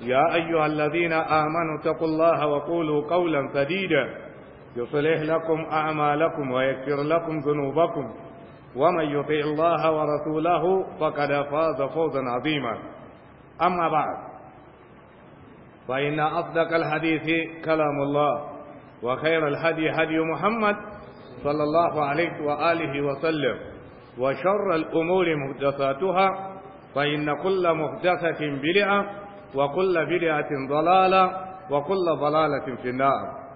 يا أيها الذين آمنوا اتقوا الله وقولوا قولا سديدا يصلح لكم أعمالكم ويكفر لكم ذنوبكم ومن يطع الله ورسوله فقد فاز فوزا عظيما أما بعد فإن أصدق الحديث كلام الله وخير الهدي هدي محمد صلى الله عليه وآله وسلم وشر الأمور محدثاتها فإن كل محدثة بدعة وكل بدعة ضلالة وكل ضلالة في النار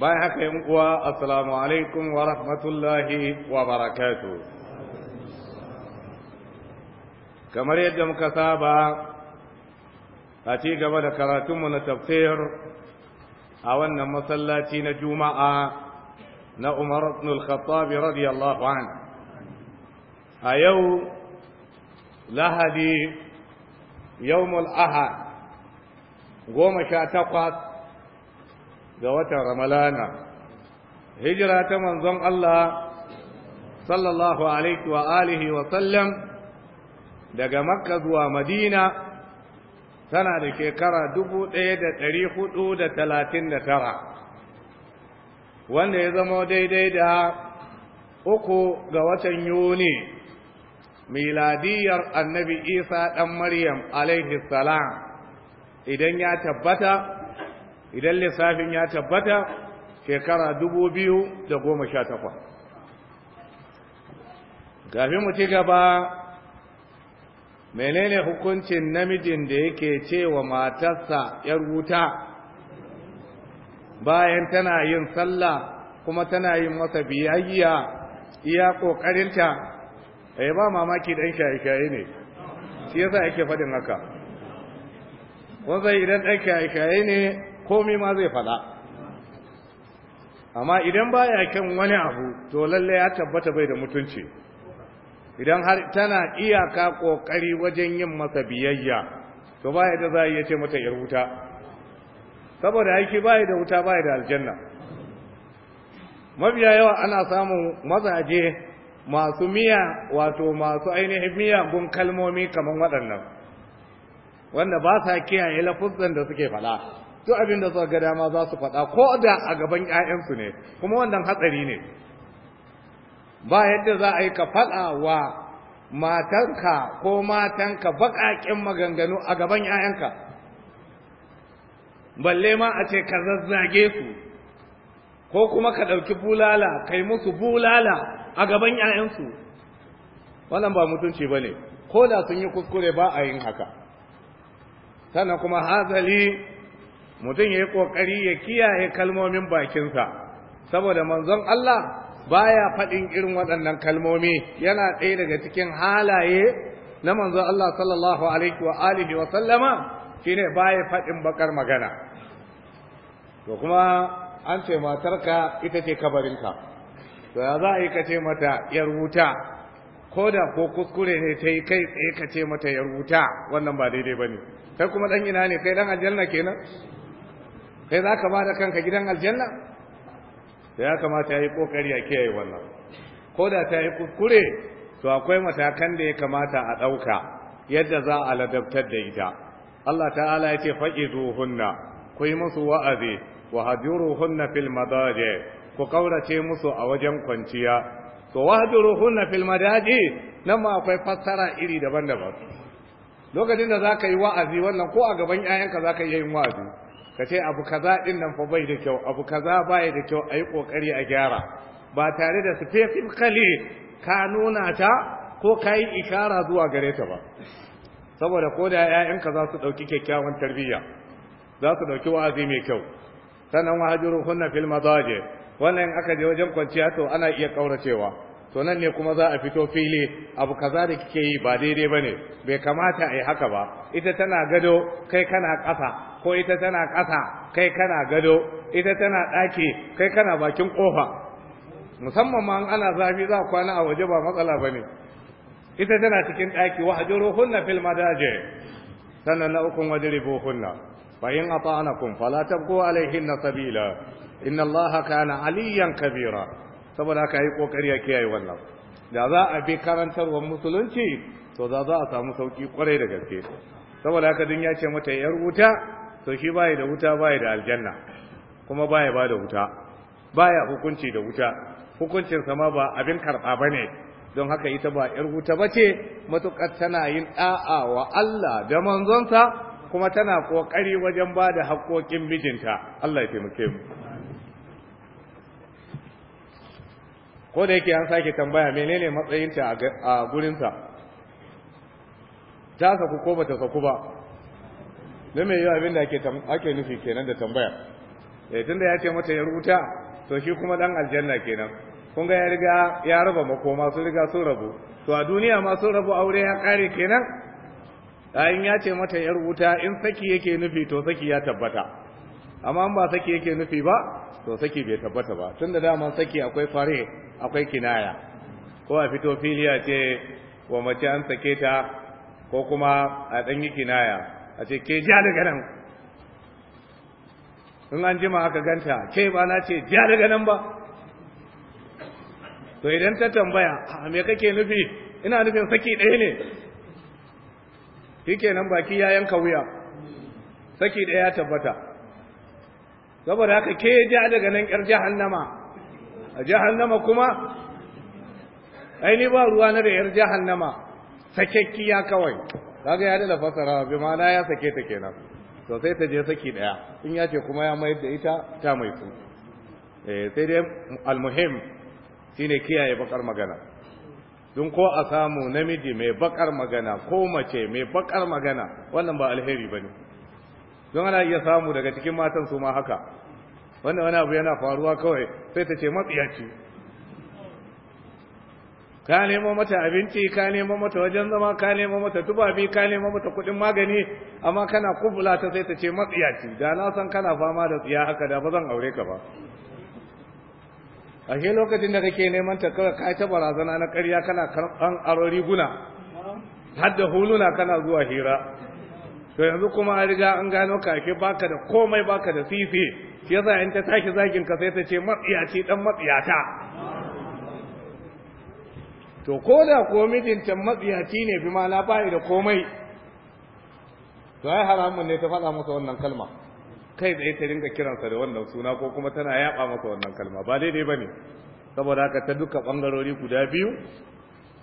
باي حكيم السلام عليكم ورحمة الله وبركاته كما يدم كتابة أتي قبل كراتم تفسير أولنا مسلاتين جمعة نأمر بن الخطاب رضي الله عنه أيو لهدي يوم الأحد goma sha takwas ga watan ramalana hijira ta manzon Allah sallallahu alaihi wa alihi wa sallam daga makka zuwa madina tana da shekara dubu ɗaya da ɗari hudu da talatin da tara wanda ya zama daidai da uku ga watan yuni miladiyar annabi isa ɗan maryam alaihi salam idan ya tabbata idan lissafin ya tabbata shekara dubu biyu da goma sha takwa mu ci gaba menene hukuncin namijin da yake cewa matarsa yar wuta bayan tana yin sallah kuma tana yin masa biyayya iya ƙoƙarinta yi eh, ba mamaki ɗan shaye-shaye ne shi yasa yake faɗin haka wanzan idan ɗan kayakaye ne komai ma zai faɗa amma idan ba ya kyan wani abu to lalle ya tabbata bai da mutunci idan har tana iyaka kokari wajen yin masa biyayya to ya da za a iya ce mata yar wuta saboda aiki ya da wuta ba ya da aljanna mabiya yawa ana samun mazaje masu miya wato masu ainihin miyagun kalmomi kamar waɗannan wanda ba sa kiyaye lafuzzan da suke faɗa to abin da suka ga dama za su faɗa ko da a gaban su ne kuma wannan hatsari ne ba yadda za a yi ka faɗa wa matanka ko matanka baƙaƙen maganganu a gaban ƴaƴanka balle ma a ce ka zazzage su ko kuma ka ɗauki bulala kai musu bulala a gaban ƴaƴansu wannan ba mutunci ba ne ko da sun yi kuskure ba a yin haka Sana kuma hazali mutum ya yi ƙoƙari ya kiyaye kalmomin bakinsa saboda manzon Allah baya faɗin irin waɗannan kalmomi yana ɗaya daga cikin halaye na manzon Allah sallallahu alaihi wa alihi wa sallama shine baya faɗin bakar magana to kuma an ce matarka ita ce kabarinka to ya za a yi kace mata ya rubuta ko da ko kuskure ne ta yi kai tsaye kace mata ya rubuta wannan ba daidai ba ne kai kuma dan ina ne kai dan aljanna kenan kai za ka bada kanka gidan aljanna da ya kamata ya yi kokari a kiyaye wannan ko da ta yi kuskure to akwai matakan da ya kamata a ɗauka yadda za a ladabtar da ita Allah ta'ala ya ce fa'izuhunna ku yi musu wa'azi wa hadiruhunna fil madaje ku kaurace musu a wajen kwanciya to wahduruhunna fil madaje nan ma akwai fassara iri daban-daban lokacin da za ka yi wa'azi wannan ko a gaban yayanka za ka iya yin wa'azi ka ce abu kaza ɗin nan fa bai da kyau abu kaza bai da kyau A yi ƙoƙari a gyara ba tare da specifically ka nuna ta ko ka yi ikara zuwa gare ta ba saboda ko da yayanka za su ɗauki kyakkyawan tarbiyya za su ɗauki wa'azi mai kyau sannan wahajiru kunna fil madaje wannan aka je wajen kwanciya to ana iya ƙauracewa. to nan ne kuma za a fito fili abu kaza da kike yi ba daidai bane bai kamata a yi haka ba ita tana gado kai kana ƙasa ko ita tana ƙasa kai kana gado ita tana ɗaki kai kana bakin ƙofa musamman ma ana zafi za kwana a waje ba matsala bane ita tana cikin ɗaki wa hajuruhunna fil madaje sannan na ukun wajribuhunna fa in ata'anakum fala tabqu alaihinna sabila inna allaha kana aliyan kabira saboda haka yi kokari ya kiyaye wannan da za a bi karantarwar musulunci to za za a samu sauki kwarai da gaske saboda haka din ya ce mata yar wuta to shi baya da wuta baya da aljanna kuma baya ba da wuta baya hukunci da wuta hukuncin sama ba abin karba bane, don haka ita ba yar wuta bace matukar tana yin ɗa'a wa Allah da manzonsa kuma tana ƙoƙari wajen bada da haƙoƙin mijinta Allah ya taimake mu ko da yake an sake tambaya menene matsayinta a gurinsa ta saku ko bata saku ba don mai yi abin da ake nufi kenan da tambaya ya eh, tun da ya ce mata ya rubuta to shi kuma dan aljanna kenan kun ga ya riga ya raba makoma sun riga sun rabu to a duniya ma sun rabu aure ya kare kenan in ya ce mata ya rubuta in saki yake nufi to saki ya tabbata amma ba saki yake nufi ba to saki bai tabbata ba tun da dama saki akwai fare akwai kinaya ko a fito filiya ce wa mace an sake ta ko kuma a ɗan yi kinaya a ce ke ja daga nan in an jima aka ganta ke ba na ce ja daga nan ba to idan ta tambaya a ah, me kake nufi ina nufin saki ɗaya ne shi nan baki ya yanka wuya saki ɗaya ya tabbata saboda haka ke ja daga nan ƙyar jahannama a jahannama kuma ainihin ba ruwa na da yar jahannama sakekkiya kawai kaga ya dala fasara bi ma'ana ya sake ta kenan to sai ta je saki daya in ya ce kuma ya mayar da ita ta mai su eh, sai dai almuhim shine kiyaye bakar magana dun ko a samu namiji mai bakar magana ko mace mai bakar magana wannan ba alheri bane don ana iya samu daga cikin matan su ma haka wanda wani abu yana faruwa kawai sai ta ce matsiyaci ka nemo mata abinci ka nemo mata wajen zama ka nemo mata tubabi ka nemo mata kuɗin magani amma kana kubula ta sai ta ce matsiyaci da na san kana fama da tsiya haka da ba zan aure ka ba A ke lokacin da kake neman ta kawai ka ta barazana na karya kana karɓan aro riguna har da huluna kana zuwa hira to yanzu kuma an riga an gano ka baka da komai baka da fifi shi yasa in ta tashi zagin ka sai ta ce matsiyaci dan matsiyata to ko da ko can matsiyaci ne bi ma na bai da komai to ai haramun ne ta faɗa masa wannan kalma kai tsaye ta ringa kiransa da wannan suna ko kuma tana yaba masa wannan kalma ba daidai ba ne saboda haka ta duka ɓangarori guda biyu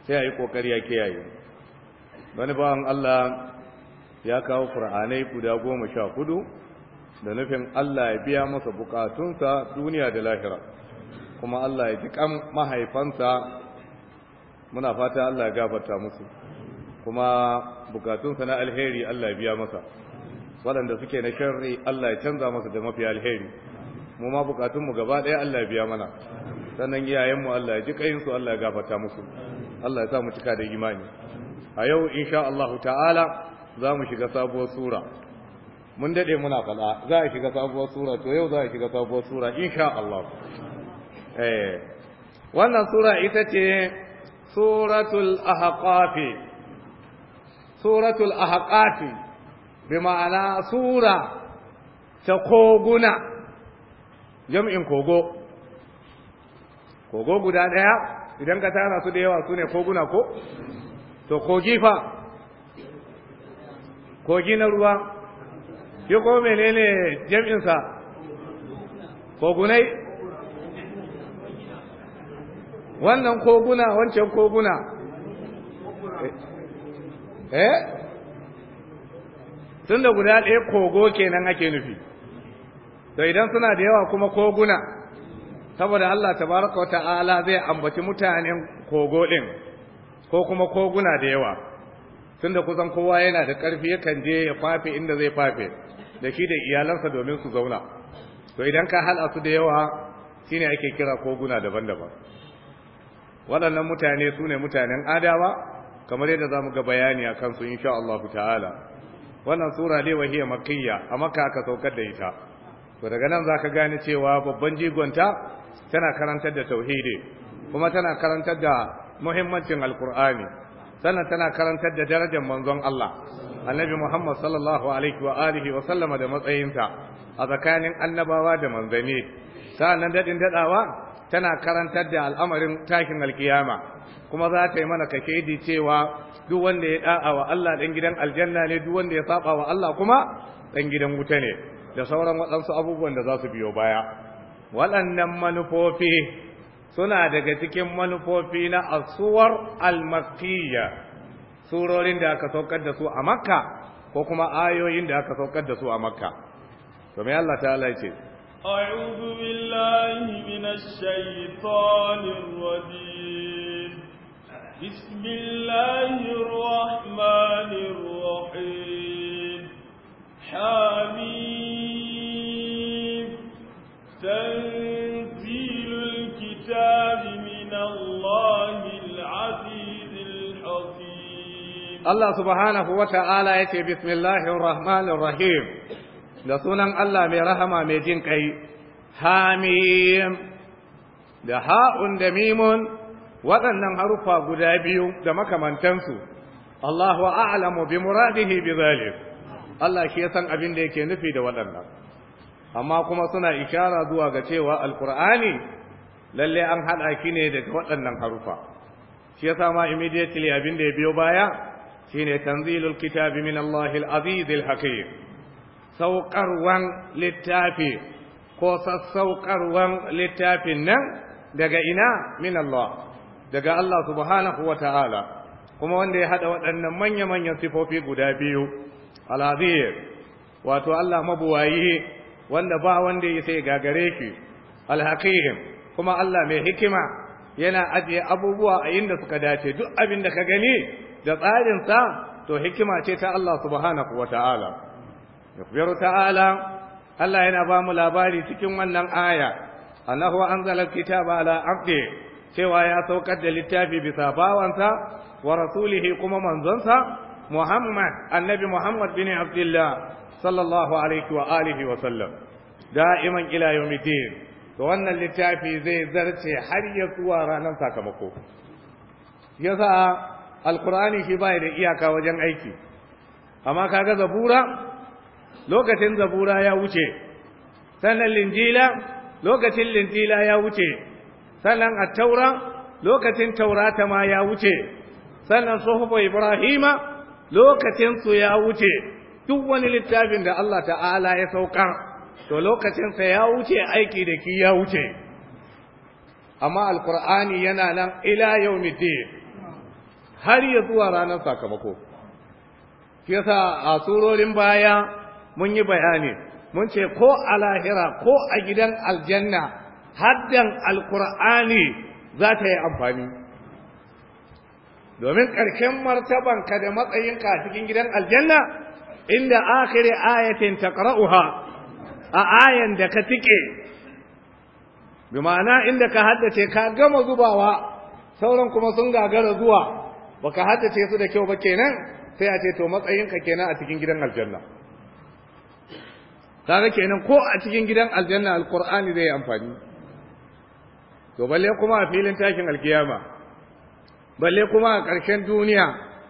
sai a yi ƙoƙari kiyaye wani bawan Allah ya kawo qur'anai guda goma sha hudu da nufin Allah ya biya masa bukatunsa duniya da lahira kuma Allah ya jiƙan mahaifansa muna fata Allah ya gafarta musu kuma bukatunsa na alheri Allah ya biya masa waɗanda suke na shari Allah ya canza masa da mafi alheri mu ma bukatunmu gaba ɗaya Allah ya biya mana sannan iyayenmu Allah ya ji kayinsu Allah ya gafarta musu Allah ya sa mu cika da imani a yau insha Allah ta'ala za mu shiga sabuwar sura mun dade muna fada za a shiga sabuwar sura to yau za a shiga sabuwar sura insha Allah eh wannan sura ita ce suratul ahqaf suratul ahqaf bi ma'ana sura ta koguna jam'in kogo kogo guda daya idan ka tara su da yawa su ne koguna ko to kogi fa kogi na ruwa shi ko menene jam'insa kogunai wannan koguna wancan koguna eh, eh? tun da guda ɗaya kogo kenan ake nufi da idan suna da yawa kuma koguna saboda Allah tabaraka wa ta'ala zai ambaci mutanen kogo ɗin ko kuma koguna da yawa tunda kusan kowa yana da ƙarfi yakan je ya fafe inda zai fafe da shi da iyalansa domin su zauna to idan ka hada su da yawa shine ake kira koguna daban-daban waɗannan mutane su ne mutanen adawa kamar yadda za mu ga bayani a kansu insha Allah ta'ala wannan sura ne wahiyar makiyya a maka aka saukar da ita to daga nan za ka gane cewa babban jigonta tana karantar da tauhidi kuma tana karantar da muhimmancin alkur'ani sannan tana karantar da darajar manzon Allah annabi Muhammad sallallahu alaihi wa alihi wa sallama da matsayinsa a tsakanin annabawa da manzanni sannan dadin dadawa tana karantar da al'amarin takin alkiyama kuma za ta yi mana di cewa duk wanda ya da'a wa Allah dan gidan aljanna ne duk wanda ya saba wa Allah kuma dan gidan wuta ne da sauran waɗansu abubuwan da za su biyo baya waɗannan manufofi suna daga cikin manufofi na asuwar almakiyya surorin da aka saukar da su a makka ko kuma ayoyin da aka saukar da su a makka to me Allah Ta ya ce a'udhu billahi minash shaitanir rajim bismillahir rahmanir rahim hamim Allah subhanahu wa ta'ala yake bismillahir rahmanir rahim da sunan Allah mai rahama mai jin kai hamim da ha'un da mimun waɗannan harufa guda biyu da makamantansu Allahu a'lamu bi muradihi bi zalik Allah shi ya san abin da yake nufi da waɗannan amma kuma suna ishara zuwa ga cewa alqur'ani lalle an hada ki ne daga waɗannan harufa shi yasa ma immediately abin da ya biyo baya shine tanzilul kitabi min Allahil azizil hakim sauƙarwan littafi ko sassauƙarwan littafin nan daga ina min Allah daga Allah subhanahu wa ta'ala kuma wanda ya hada waɗannan manya-manyan sifofi guda biyu al-azir wato Allah mabuwayi wanda ba wanda ya sai gagare shi al-hakim kuma Allah mai hikima yana ajiye abubuwa a inda suka dace duk abin da ka gani da tsarinsa to hikima ce ta Allah subhanahu wa ta'ala ta'ala Allah yana ba mu labari cikin wannan aya annahu anzala kitaba ala abdi cewa ya saukar da littafi bisa bawansa wa rasulihi kuma manzonsa Muhammad annabi Muhammad bin Abdullah sallallahu alaihi wa alihi wa sallam da'iman ila yawmiddin to wannan littafi zai zarce har ya zuwa ranar sakamako yasa alkur'ani shi bai da iyaka wajen aiki amma kaga zabura lokacin zabura ya wuce sannan linjila lokacin linjila ya wuce sannan attaura lokacin taurata ma ya wuce sannan suhufu ibrahima lokacin su ya wuce duk wani littafin da Allah ta'ala ya sauka, to lokacinsa ya wuce aiki da ki ya wuce amma alkur'ani yana nan ila yaumiddin har ya zuwa ranar sakamako shi a surorin baya mun yi bayani mun ce ko a lahira ko a gidan aljanna haddan alkur'ani za ta yi amfani domin ƙarshen martabanka da matsayinka cikin gidan aljanna inda akhiri ayatin ƙara'uha a ayan da ka tike bi ma'ana inda ka haddace ka gama zubawa sauran kuma sun gagara zuwa baka haddace su da kyau ba kenan sai a ce to matsayinka kenan a cikin gidan aljanna kaga kenan ko a cikin gidan aljanna alqur'ani zai amfani to balle kuma a filin tashin alkiyama balle kuma a ƙarshen duniya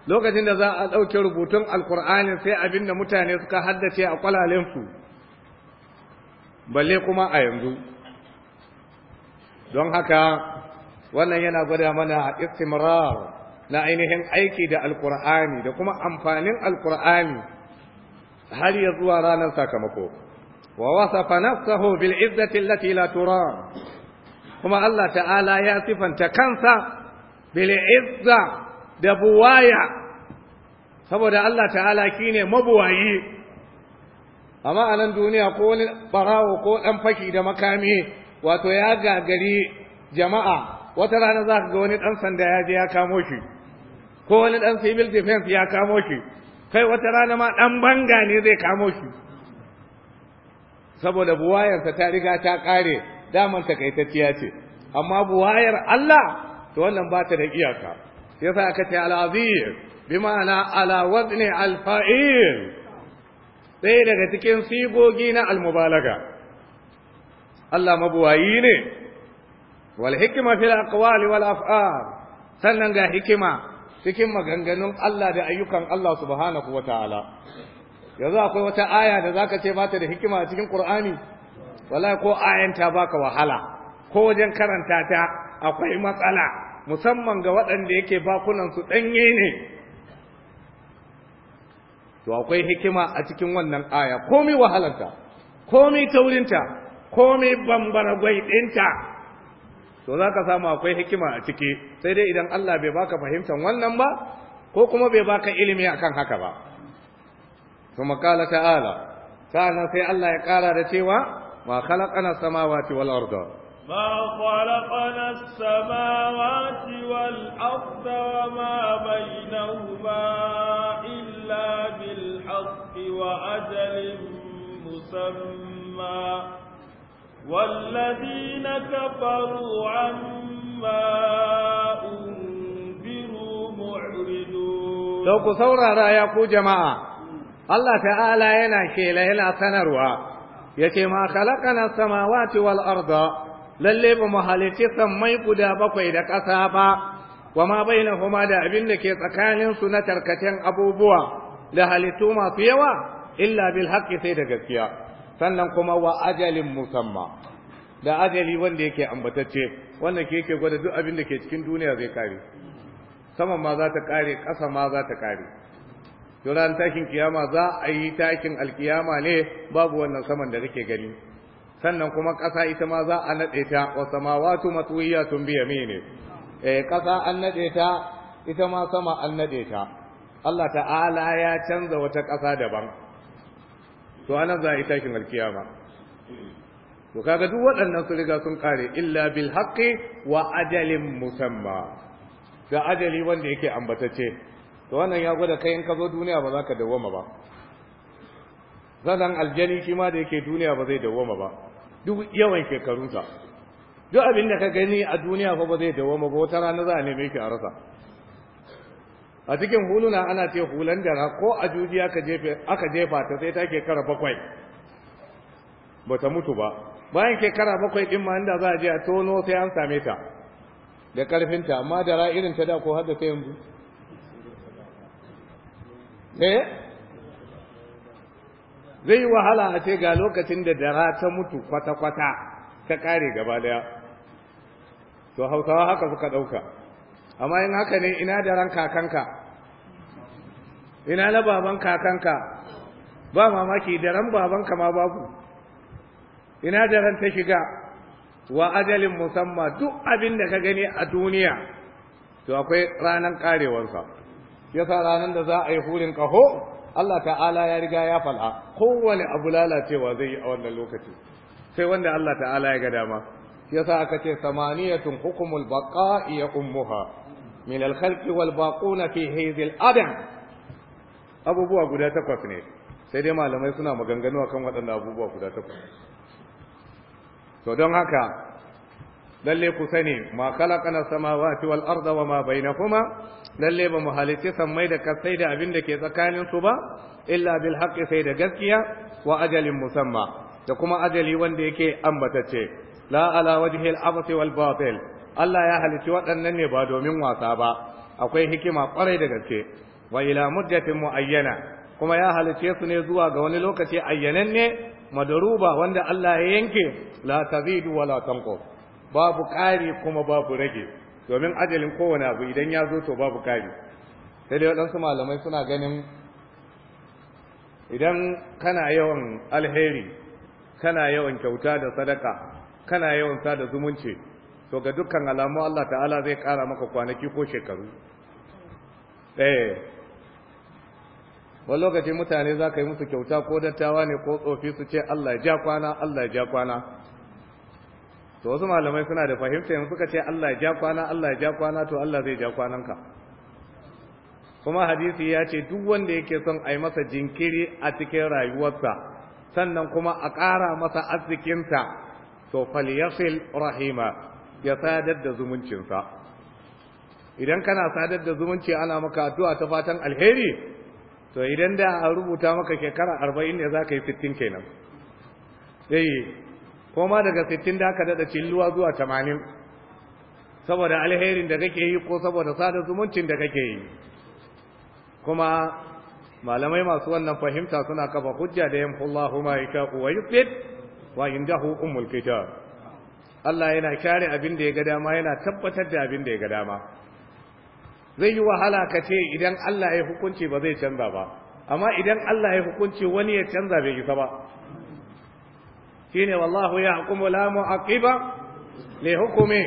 lokacin da za a ɗauke rubutun alkur'ani sai abin da mutane suka haddace a kwalalensu balle kuma a yanzu don haka wannan yana gwada mana istimrar na ainihin aiki da alkur'ani da kuma amfanin alkur'ani har ya zuwa ranar sakamako wa wasafa nafsahu bil izzati allati la tura kuma Allah ta'ala ya sifanta kansa bil izza da buwaya saboda Allah ta'ala kine mabuwayi amma a nan duniya ko wani barawo ko dan faki da makami wato ya gagari jama'a wata rana za ka ga wani dan sanda ya je ya kamo shi ko wani ɗan civil defense ya kamo shi kai wata rana ma ɗan banga ne zai kamo shi saboda buwayarsa ta riga ta kare daman takaitacciya ce amma buwayar Allah to wannan ba ta da iyaka yasa aka ce al-azir bima'ana ala wazni al-fa'il Sai daga cikin sigogi na al-mubalaga Allah mabuwayi ne wal hikima fil aqwali wal af'al sannan ga hikima cikin maganganun Allah da ayyukan Allah subhanahu wa ta'ala yanzu akwai wata aya da zaka ce ba ta da hikima a cikin Qur'ani wallahi ko ayanta baka wahala ko wajen karanta ta akwai matsala musamman ga waɗanda yake bakunan su danye ne to akwai hikima a cikin wannan aya komai wahalarta komai taurinta komai bambara gwai ɗinta to za ka samu akwai hikima a ciki sai dai idan Allah bai baka fahimtar wannan ba ko kuma bai baka ilimi akan haka ba to makala ta'ala sa'annan sai Allah ya kara da cewa ma khalaqana samawati wal arda ما خلقنا السماوات والأرض وما بينهما إلا wa وأجل مسمى والذين كفروا عما أنذروا معرضون لو كثورة رأيكو جماعة Allah ta'ala yana shela yana sanarwa yace ma khalaqana samawati wal arda lalle ba mu halitti sammai guda bakwai da ƙasa ba wa na bainahuma da abin da ke tsakanin su na tarkacen abubuwa da halittu masu yawa illa bil haqqi sai da gaskiya sannan kuma wa ajalin musamma da ajali wanda yake ambatacce wannan ke yake gwada duk abin da ke cikin duniya zai kare sama ma za ta kare ƙasa ma za ta kare yoran takin kiyama za a yi takin alkiyama ne babu wannan saman da kake gani sannan kuma ƙasa ita ma za a nade ta wa samawatu matwiyatun bi yamine eh ƙasa an nade ta ita ma sama an nade ta Allah ta'ala ya canza wata ƙasa daban to anan za a yi tashin alkiyama to kaga duk waɗannan su riga sun kare illa bil haqqi wa ajalin musamma da ajali wanda yake ambatacce to wannan ya gwada kai in ka zo duniya ba za ka dawwama ba zanan aljani shi ma da yake duniya ba zai dawwama ba duk yawan shekarunsa duk abin da ka gani a duniya fa ba zai dawwama ba wata rana za a neme ki a rasa a cikin huluna ana ce hulan dara ko a juji aka jefa ta sai ta kara bakwai ba ta mutu ba bayan ke kara bakwai ɗin ma inda za a je a tono sai an same ta da ƙarfinta amma dara irin ta da ko har da ta yanzu eh zai yi wahala a ce ga lokacin da dara ta mutu kwata-kwata ta ƙare gaba daya to hausawa haka suka ɗauka amma in haka ne ina da ran kakanka ina na baban kakanka ba mamaki da ran babanka ma babu ina da ran ta shiga wa ajalin musamman duk abin da ka gani a duniya to akwai ranan karewarsa yasa ranar da za a yi hurin kaho Allah ta'ala ya riga ya fal'a kowane abu lalacewa zai yi a wannan lokaci sai wanda Allah ta'ala ya ga dama yasa aka ce samaniyatun hukumul baqa'i ya ummuha min alkhalqi wal baquna fi hadhil adam abubuwa guda takwas ne sai dai malamai suna maganganu akan waɗannan abubuwa guda takwas to don haka lalle ku sani ma khalaqana samawati wal arda wa ma bainahuma lalle ba mu halice sammai da kasai da abin da ke tsakanin su ba illa bil haqqi sai da gaskiya wa ajalin musamma da kuma ajali wanda yake ambatacce la ala wajhi al abasi wal batil Allah ya halici waɗannan ne ba domin wasa ba akwai hikima kwarai da gaske wa ila muddatin muayyana kuma ya halice su ne zuwa ga wani lokaci ayyanan ne madaruba wanda Allah ya yanke la tazidu wa la babu ƙari kuma babu rage domin ajalin kowane abu idan ya zo to babu ƙari sai dai waɗansu malamai suna ganin idan kana yawan alheri kana yawan kyauta da sadaka kana yawan sada zumunci to ga dukkan alamu Allah ta'ala zai kara maka kwanaki ko shekaru eh wani lokaci mutane za ka yi musu kyauta ko dattawa ne ko tsofi su ce Allah ja kwana Allah ja kwana to wasu malamai suna da fahimta yanzu suka ce Allah ja kwana Allah ja kwana to Allah zai ja kwananka kuma hadisi ya ce duk wanda yake son a yi masa jinkiri a cikin rayuwarsa sannan kuma a ƙara masa arzikinsa to falyasil rahima ya sadar da zumuncinsa idan kana sadar da zumunci ana maka addu'a ta fatan alheri to idan da a rubuta maka shekara arba'in ne za ka yi sittin kenan ko ma daga sittin da aka daɗa cilluwa zuwa tamanin saboda alherin da kake yi ko saboda sadar zumuncin da kake yi kuma malamai masu wannan fahimta suna kafa hujja da yamhullahu ma yashaqu wa yusbit wa indahu ummul kitab Allah yana kyare abin da ya ga dama yana tabbatar da abin da ya ga dama zai yi wahala ka ce idan Allah ya hukunci ba zai canza ba amma idan Allah ya hukunci wani ya canza bai isa ba shine wallahu yahkumu la mu'aqiba li hukmi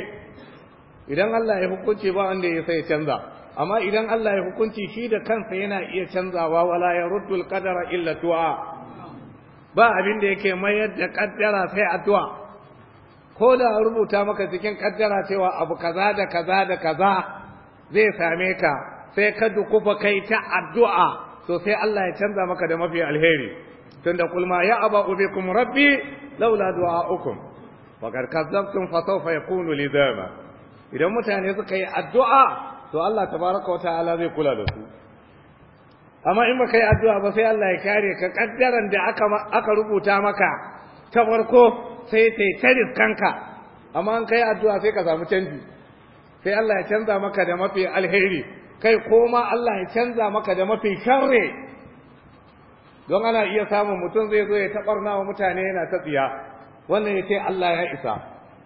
idan Allah ya hukunci ba wanda ya sai canza amma idan Allah ya hukunci shi da kansa yana iya canzawa wala yaruddul qadara illa tu'a ba abin da yake mayar da kaddara sai addu'a ko da rubuta maka cikin kaddara cewa abu kaza da kaza da kaza zai same ka sai ka dukufa kai ta addu'a to sai Allah ya canza maka da mafi alheri tunda qul ma aba ubikum rabbi laula du'a'ukum wa qad kadzabtum fa sawfa yakunu lidama idan mutane suka yi addu'a to Allah tabaraka wa ta'ala zai kula da su amma in baka yi addu'a ba sai Allah ya kare ka kaddaran da aka aka rubuta maka ta farko sai sai ta kanka amma an kai addu'a sai ka samu canji sai Allah ya canza maka da mafi alheri kai koma Allah ya canza maka da mafi sharri don ana iya samun mutum zai zo ya taɓarna wa mutane yana ta tsiya wannan ya ce Allah ya isa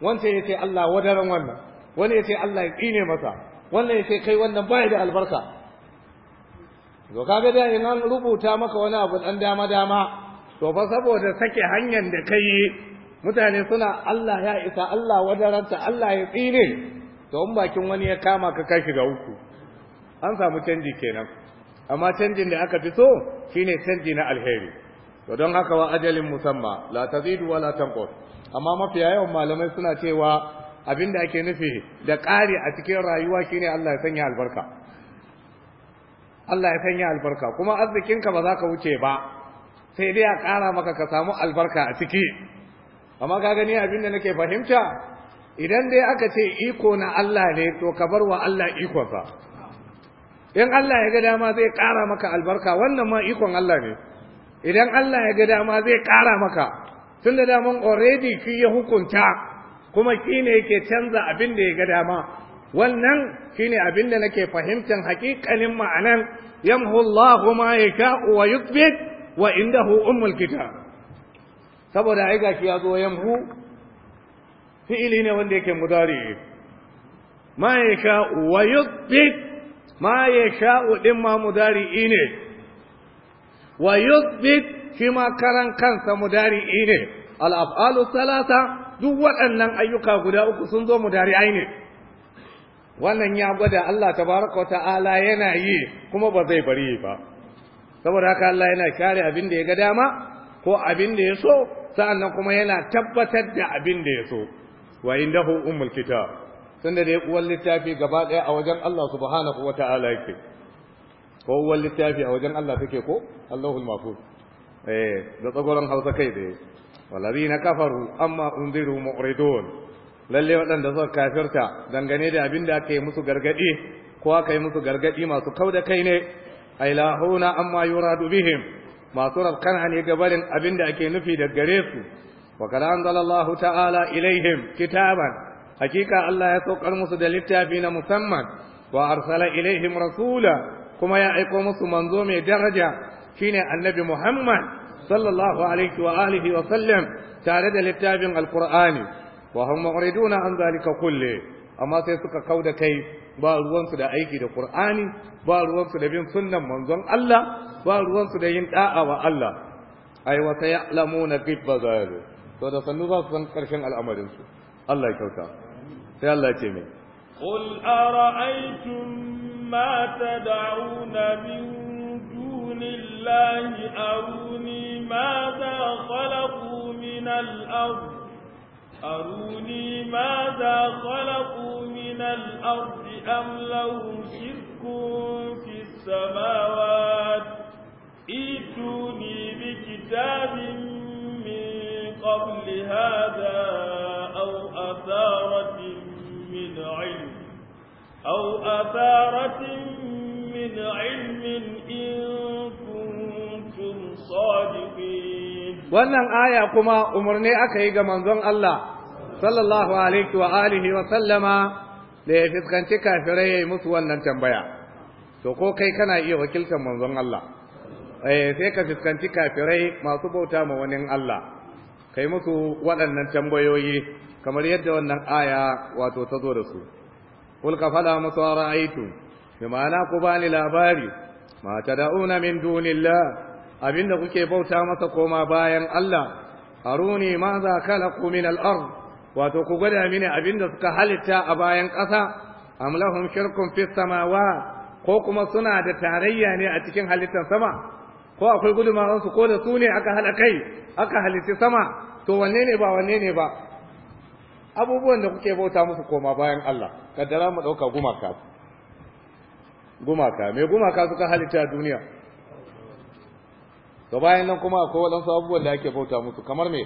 wancan ya ce Allah wadaran wannan wani ya ce Allah ya tsine masa wannan ya ce kai wannan baya da albarka to kaga da in an rubuta maka wani abu dan dama dama to fa saboda sake hanyar da kai mutane suna Allah ya isa Allah wadaranta Allah ya tsine to in bakin wani ya kama ka kashi ga uku an samu canji kenan amma canjin da aka fi so shine canji na alheri to don haka wa ajalin musamma la tazidu wa la tanqus amma mafiya yawan malamai suna cewa abinda ake nufi da ƙari a cikin rayuwa shine Allah ya sanya albarka Allah ya sanya albarka kuma arzikinka ba za ka wuce ba sai dai a ƙara maka ka samu albarka a ciki amma ka gani abin da nake fahimta idan dai aka ce iko na Allah ne to ka bar wa Allah iko fa in Allah ya ga dama zai ƙara maka albarka wannan ma ikon Allah ne idan Allah ya ga dama zai ƙara maka tun da daman already ki ya hukunta kuma kine ne yake canza abin da ya ga dama wannan shine abin da nake fahimtar haƙiƙanin ma'anan yamhu Allahu ma yaka wa yuthbit wa indahu ummul kitab saboda ai gashi ya zo yamhu fi'ili ne wanda yake mudari ma yasha wa yusbit ma yasha din ma mudari ne wa shi ma karan kansa mudari ne al af'alu salasa duk waɗannan ayyuka guda uku sun zo mudari ne wannan ya gwada Allah tabaraka ta'ala yana yi kuma ba zai bari ba saboda haka Allah yana share abin da ya ga dama ko abin da ya so sa'annan kuma yana tabbatar da abin da ya so wa indahu ummul kitab tunda dai uwar littafi gaba daya a wajen Allah subhanahu ta'ala yake ko uwar littafi a wajen Allah take ko Allahul mafud eh da tsagoran Hausa kai dai walazina kafaru amma unziru mu'ridun lalle wadanda suka kafirta dangane da abin da aka yi musu gargadi ko aka yi musu gargadi masu kauda kai ne ailahuna amma yuradu bihim masu rafkana ne gabarin abin da ake nufi da gare su wa kada ta'ala ilaihim kitaban hakika Allah ya saukar musu da littafi na musamman wa arsala ilaihim rasula kuma ya aiko musu manzo mai daraja shine annabi Muhammad sallallahu alaihi wa alihi wa sallam tare da littafin alqur'ani wa hum mu'riduna an zalika kulli amma sai suka kauda kai ba ruwansu da aiki da qur'ani ba ruwansu da bin sunnan manzon Allah ba ruwansu da yin da'a wa Allah ai wa sayalamuna fit bazal to da sannu ba su san karshen al'amarin su Allah ya kauta sai Allah ya ce mai qul ara'aytum ma tad'una min dunillahi aruni ma za khalaqu min al-ard أروني ماذا خلقوا من الأرض أم لهم شرك في السماوات ائتوني بكتاب من قبل هذا أو أثارة من علم أو أثارة من علم إن كنتم صادقين wannan aya kuma umarni aka yi ga manzon Allah sallallahu alaihi wa alihi wa sallama da ya fuskanci kafirai ya musu wannan tambaya to ko kai kana iya wakiltar manzon Allah Eh, sai ka fuskanci kafirai masu bauta ma wani Allah kai musu waɗannan tambayoyi kamar yadda wannan aya wato ta zo da su kul ka fada musu ra'aytu bi ma'ana ku bani labari ma tad'una min dunillah abinda kuke bauta masa koma bayan Allah aruni ma za kalaku min al-ard wato ku gwada mini abinda suka halitta a bayan ƙasa am lahum shirkun fis samawa ko kuma suna da tarayya ne a cikin halittar sama ko akwai gudumawansu ko da su ne aka haɗa kai aka halitti sama to wanne ne ba wanne ne ba abubuwan da kuke bauta musu koma bayan Allah kaddara mu ɗauka gumaka gumaka me gumaka suka halitta a duniya to bayan nan kuma akwai waɗansu abubuwan da ake bauta musu kamar me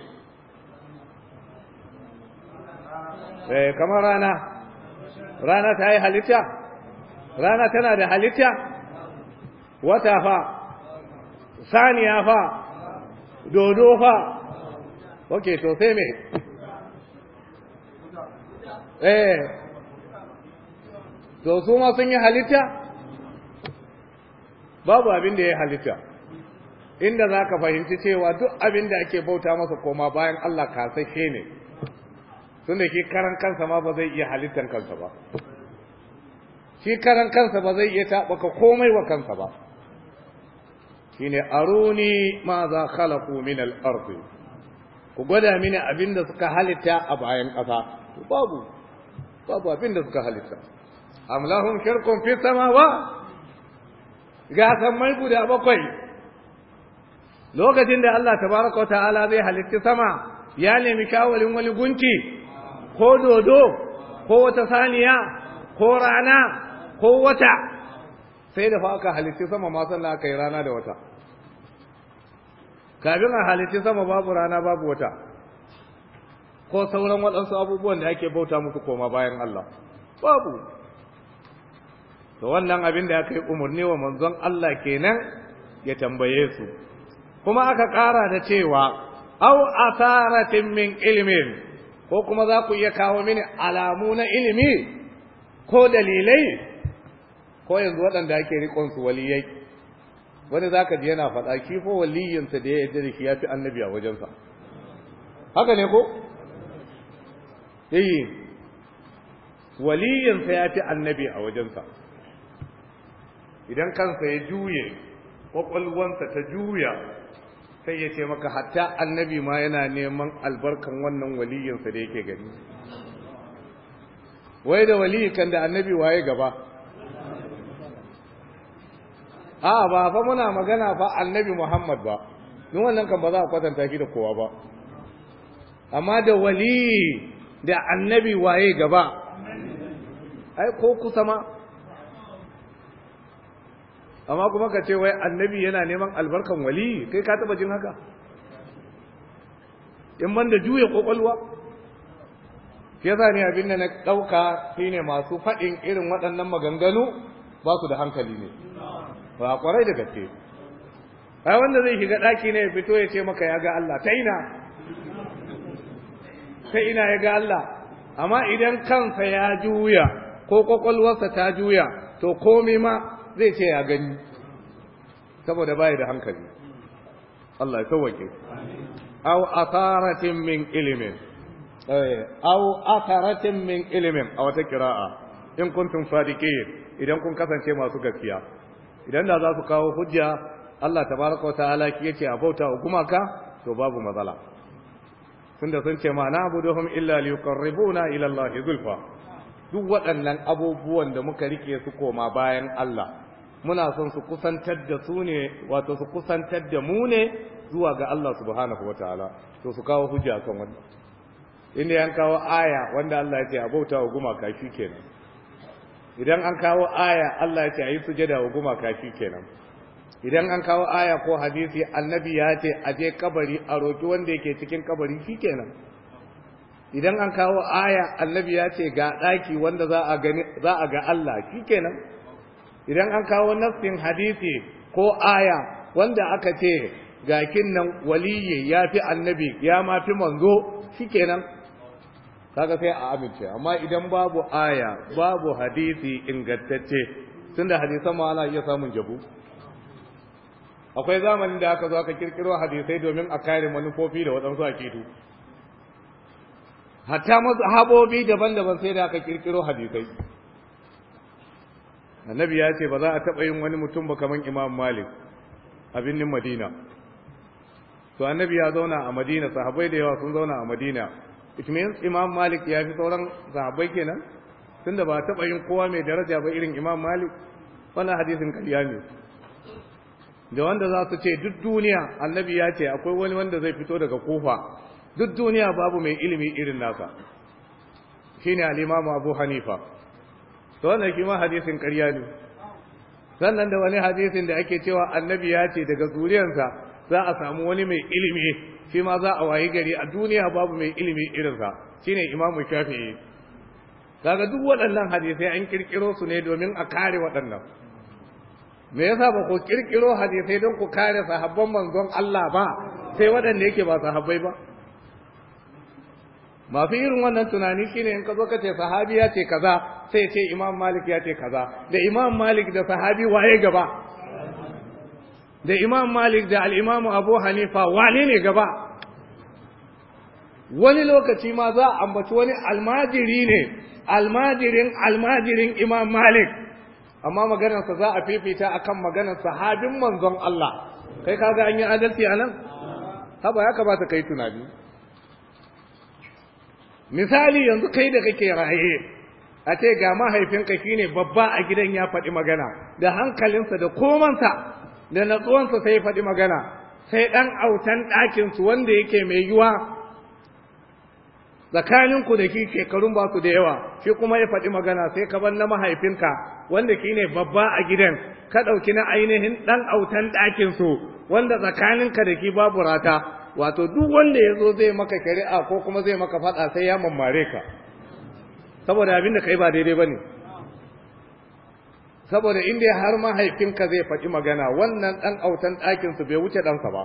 eh kamar rana rana ta yi halitta rana tana da halitta wata fa saniya fa dodo fa ok to sai me eh to su ma sun yi halitta babu abin da ya halitta inda za ka fahimci cewa duk abin da ake bauta masa koma bayan Allah kasashe ne sun da ke karan kansa ma ba zai iya halittan kansa ba shi karan kansa ba zai iya taɓaka komai wa kansa ba shine aruni ma za khalaqu min al-ard ku gwada mini abinda suka halitta a bayan ƙasa babu babu abinda suka halitta am lahum shirkun fi samawa ga mai guda bakwai lokacin da Allah tabaraka wa ta'ala zai halitta sama ya nemi kawalin wani gunki ko dodo ko wata saniya ko rana ko wata sai da fa aka halitta sama ma sannan aka yi rana da wata kafin a halittun sama babu rana babu wata ko sauran waɗansu abubuwan da ake bauta musu koma bayan Allah babu to wannan abin da aka yi umarni wa manzon Allah kenan ya tambaye su kuma aka ƙara da cewa au asaratin min ilimin ko kuma za ku iya kawo mini alamu na ilimi ko dalilai ko yanzu waɗanda ake riƙon su waliyai wani zaka ji yana faɗa kifo waliyinsa da ya yi da shi fi annabi a wajensa haka ne ko eh waliyinsa fi annabi a wajensa idan kansa ya juye ƙwaƙwalwansa ta juya sai ya ce maka hatta annabi ma yana neman albarkan wannan waliyinsa da yake gani wai da waliyi kan da annabi waye gaba a ba fa muna magana ba annabi Muhammad ba don wannan kan ba za a kwatanta shi da kowa ba amma da wali da annabi waye gaba ai ko kusa ma amma kuma ka ce wai annabi yana neman albarkan wali kai ka taba jin haka in ban da juya kokolwa za ni abin da na ɗauka shine masu faɗin irin waɗannan maganganu ba su da hankali ne ba kwarai da gaske ai wanda zai shiga daki ne ya fito ya ce maka ya ga Allah ta ina ta ina ya ga Allah amma idan kansa ya juya ko kwakwalwarsa ta juya to komai ma zai ce ya gani saboda bai da hankali Allah ya tawake aw atharatin min ilmin aw eh, atharatin min ilmin aw ta kiraa in kuntum fadikin idan kun kasance masu gaskiya idan da za su kawo hujja Allah ta tabaraka wataala ki ce a bauta wa gumaka to babu matsala tunda sun ce ma na na'buduhum illa na, ila ya zulfa duk waɗannan abubuwan da muka rike su koma bayan Allah muna son su kusantar da su ne wato su kusantar da mu ne zuwa ga Allah subhanahu wataala to su kawo hujja kan wannan inda yan kawo aya wanda Allah ya ce a bauta wa gumaka kenan. idan an kawo aya Allah ya ce ayi sujada wa gumaka kenan idan an kawo aya ko hadisi annabi ya ce a kabari a roki wanda yake cikin kabari kenan idan an kawo aya annabi ya ce ga daki wanda za a gani za a ga Allah kenan idan an kawo nassin hadisi ko aya wanda aka ce ga kin nan waliyyi ya fi annabi ya ma fi manzo kenan kaga sai a amince amma idan babu aya babu hadisi ingantacce tunda hadisan ma ana iya samun jabu akwai zamanin da aka zo aka kirkiro hadisai domin a kare manufofi da waɗansu akidu hatta mazhabobi daban-daban sai da aka kirkiro hadisai annabi ya ce ba za a taɓa yin wani mutum ba kamar imam malik a birnin madina to annabi ya zauna a madina sahabbai da yawa sun zauna a madina which means imam malik ya fi sauran sahabbai kenan tunda ba taɓa yin kowa mai daraja ba irin imam malik wannan hadisin karya ne da wanda za su ce duk duniya annabi ya ce akwai wani wanda zai fito daga kofa duk duniya babu mai ilimi irin nasa shine al-imamu abu hanifa to wannan shi ma hadisin karya ne sannan da wani hadisin da ake cewa annabi ya ce daga zuriyarsa za a samu wani mai ilimi shi ma za a wayi gari a duniya babu mai ilimi irinsa shine imamu shafi'i kaga duk waɗannan hadisai an kirkiro su ne domin a kare waɗannan me yasa ba ku kirkiro hadisai don ku kare sahabban manzon Allah ba sai waɗanda yake ba sahabbai ba masu irin wannan tunani shine in ka zo ka ce sahabi ya ce kaza sai ce imam malik ya ce kaza da imam malik da sahabi waye gaba da imam malik da al'imamu abu hanifa wane ne gaba wani lokaci ma za a ambaci wani almajiri ne almajirin almajirin imam malik amma maganarsa za a fifita a kan maganar sahabin manzon Allah kai kaga an yi adalci a nan? haba ya kamata kai tunani misali yanzu kai da kake raye a ce ga mahaifinka shine babba a gidan ya faɗi magana da hankalinsa da komansa da natsuwansa sai faɗi magana sai ɗan autan ɗakinsu wanda yake mai yiwa tsakaninku da ki shekarun ba su da yawa shi kuma ya faɗi magana sai ka bar na mahaifinka wanda ki ne babba a gidan ka ɗauki na ainihin ɗan autan ɗakinsu wanda tsakaninka da ki babu rata wato duk wanda ya zo zai maka shari'a ko kuma zai maka faɗa sai ya mammare ka saboda abin da kai ba daidai ba ne saboda inda har mahaifinka zai faɗi magana wannan ɗan autan ɗakinsu bai wuce ɗansa ba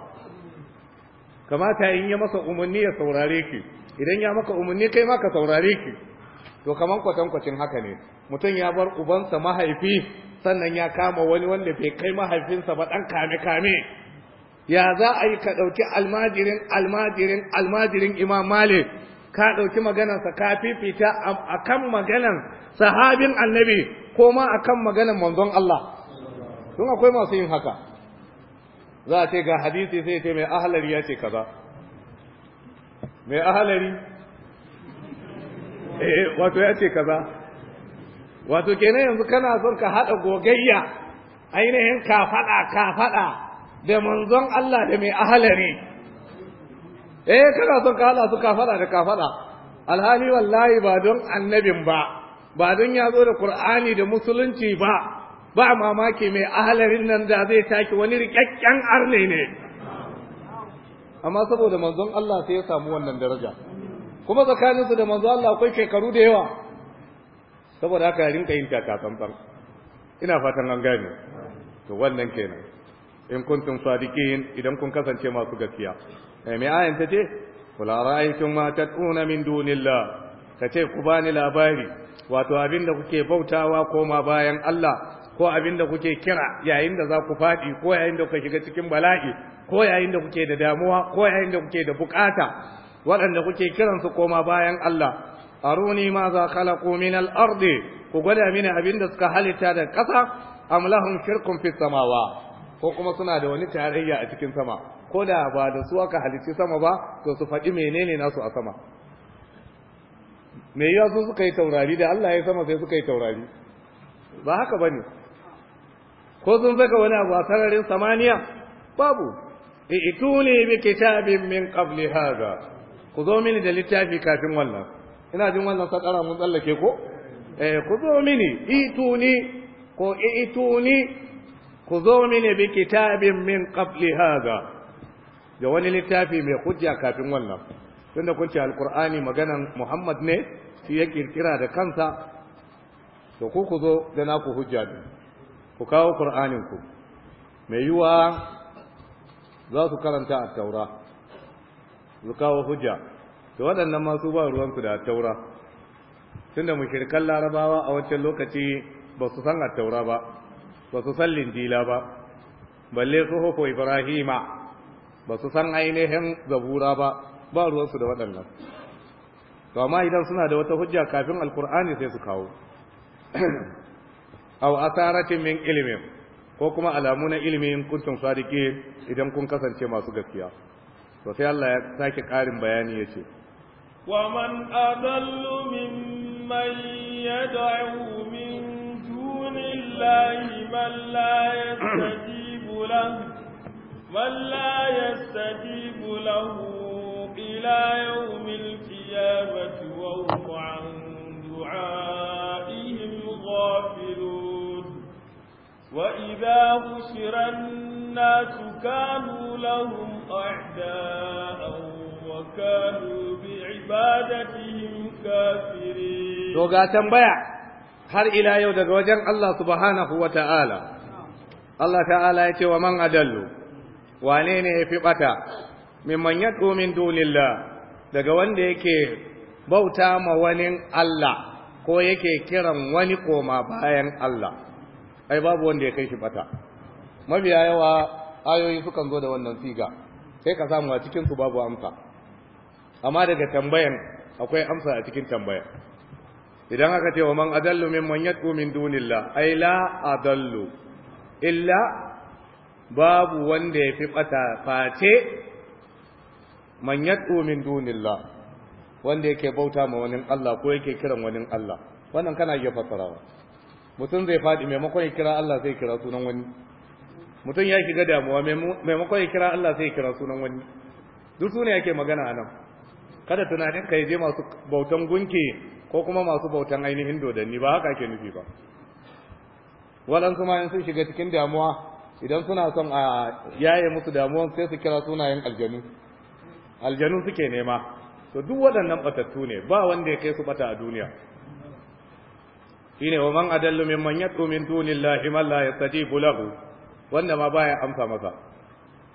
kamata in yi masa umarni ya saurare ki idan ya maka umarni kai ma ka saurare ki to kaman kwatankwacin haka ne mutum ya bar ubansa mahaifi sannan ya kama wani wanda bai kai mahaifinsa ba dan kame kame ya za a yi ka ɗauki almajirin almajirin almajirin imam malik ka ɗauki maganarsa ka fifita a kan maganar sahabin annabi ko ma a kan maganar manzon Allah Tun akwai masu yin haka za a ce ga hadisi sai ce mai ahalar ya ce kaza mai ahalari eh wato ya ce kaza wato kenan yanzu kana son ka haɗa gogayya ainihin ka fada ka fada da manzon Allah da mai ahalari eh kana son ka haɗa su ka fada da ka fada alhali wallahi ba don annabin ba ba don ya zo da Kur'ani da musulunci ba ba mamaki mai ahalarin nan da zai taki wani rikakken arne ne amma saboda manzon Allah sai ya samu wannan daraja kuma tsakaninsu da manzon Allah akwai shekaru da yawa saboda haka ya rinka yin takatsantsan ina fatan an gane to wannan kenan in kuntum sadiqin idan kun kasance masu gaskiya eh me ayan ta ce kula ra'aytum ma tad'una min dunillah ta ce ku bani labari wato abinda kuke bautawa koma bayan Allah ko abinda kuke kira yayin da za ku fadi ko yayin da kuka shiga cikin bala'i ko yayin da kuke da damuwa ko yayin da kuke da bukata waɗanda kuke kiransu koma bayan Allah aruni ma za khalaqu min al-ard ku gwada mini abin da suka halitta da ƙasa am lahum shirkun fi samawa ko kuma suna da wani tarayya a cikin sama ko da ba da su aka halicci sama ba to su faɗi menene nasu a sama me ya su suka yi taurari da Allah ya sama sai suka yi taurari ba haka bane ko sun saka wani abu a sararin samaniya babu i'tuni bi kitabin min qabli hadha ku zo mini da littafi kafin wannan ina jin wannan sakara mun tsallake ko eh ku zo mini i'tuni ko i'tuni ku zo mini bi kitabin min qabli hada da wani littafi mai hujja kafin wannan tunda kun ce alqur'ani maganan muhammad ne shi ya kirkira da kansa to ku ku zo da naku hujja ku kawo qur'anin ku mai yiwa za su karanta a taura su kawo hujja Da waɗannan masu ba ruwansu da taura tunda mashirkan larabawa a wancan lokaci ba su san a taura ba ba su san linjila ba balle hoko ibrahima ba su san ainihin zabura ba ba ruwansu da waɗannan to amma idan suna da wata hujja kafin alkur'ani sai su kawo au asaratin min ilimin ko kuma alamu na ilimi in kuntum sadiqin idan kun kasance masu gaskiya to sai Allah ya sake karin bayani ya ce. wa man adallu mimman yad'u min dunillahi man la yastajibu lahu من لا يستجيب له إلى يوم القيامة وهم عن دعائهم غافلون وإذا بشر الناس كانوا لهم أعداء وكانوا بعبادتهم كافرين دوغا تنبيع har ila yau daga wajen Allah subhanahu wa ta'ala Allah ta'ala ya ce wa man adallu Wanene ne ya fi ɓata mimman ya min dunillah daga wanda yake bauta ma wani Allah ko yake kiran wani koma bayan Allah ai babu wanda ya kai shi bata mafiya yawa ayoyi sukan zo da wannan siga sai ka samu a cikin su babu amsa amma daga tambayan akwai amsa a cikin tambayan idan aka ce wa man adallu mimman yad'u min dunillah ai la adallu illa babu wanda ya fi bata face man yad'u min dunillah wanda yake bauta ma wani Allah ko yake kiran wani Allah wannan kana iya fassarawa mutum zai faɗi maimakon ya kira Allah sai kira sunan wani mutum ya shiga damuwa maimakon ya kira Allah sai kira sunan wani duk sune yake magana a nan kada tunanin ka je masu bautan gunki ko kuma masu bautan ainihin dodanni ba haka ake nufi ba waɗansu ma sun shiga cikin damuwa idan suna son a yaye musu damuwan sai su kira sunayen aljanu aljanu suke nema to duk waɗannan batattu ne ba wanda ya kai su bata a duniya shine wa man adallu mimman yad'u min dunillahi man la yastajibu lahu wanda ma baya amsa masa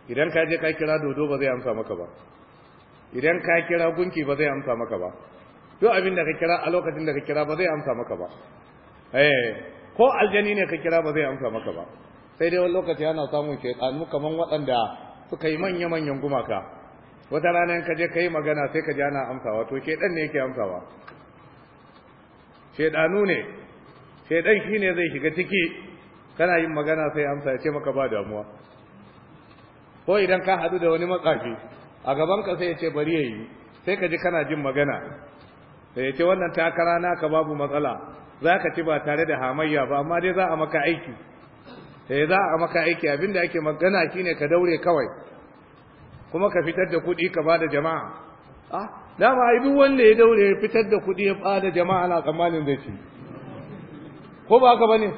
idan ka je ka kira dodo ba zai amsa maka ba idan ka kira gunki ba zai amsa maka ba to abin da ka kira a lokacin da ka kira ba zai amsa maka ba eh ko aljani ne ka kira ba zai amsa maka ba sai dai wani lokaci ana samun mu kaman waɗanda suka yi manya manyan gumaka wata rana ka je ka yi magana sai ka ji ana amsawa to shaytan ne yake amsawa shaytanu ne Sai shaidan shine zai shiga ciki kana yin magana sai amsa ya ce maka ba damuwa ko idan ka hadu da wani matsafi a gaban ka sai ya ce bari yayi sai ka ji kana jin magana sai ya ce wannan takara naka babu matsala za ci ba tare da hamayya ba amma dai za a maka aiki sai za a maka aiki abinda ake magana shine ka daure kawai kuma ka fitar da kuɗi ka bada jama'a ah dama ai duk wanda ya daure ya fitar da kuɗi ya bada jama'a na tsammanin zai ci ko ba haka bane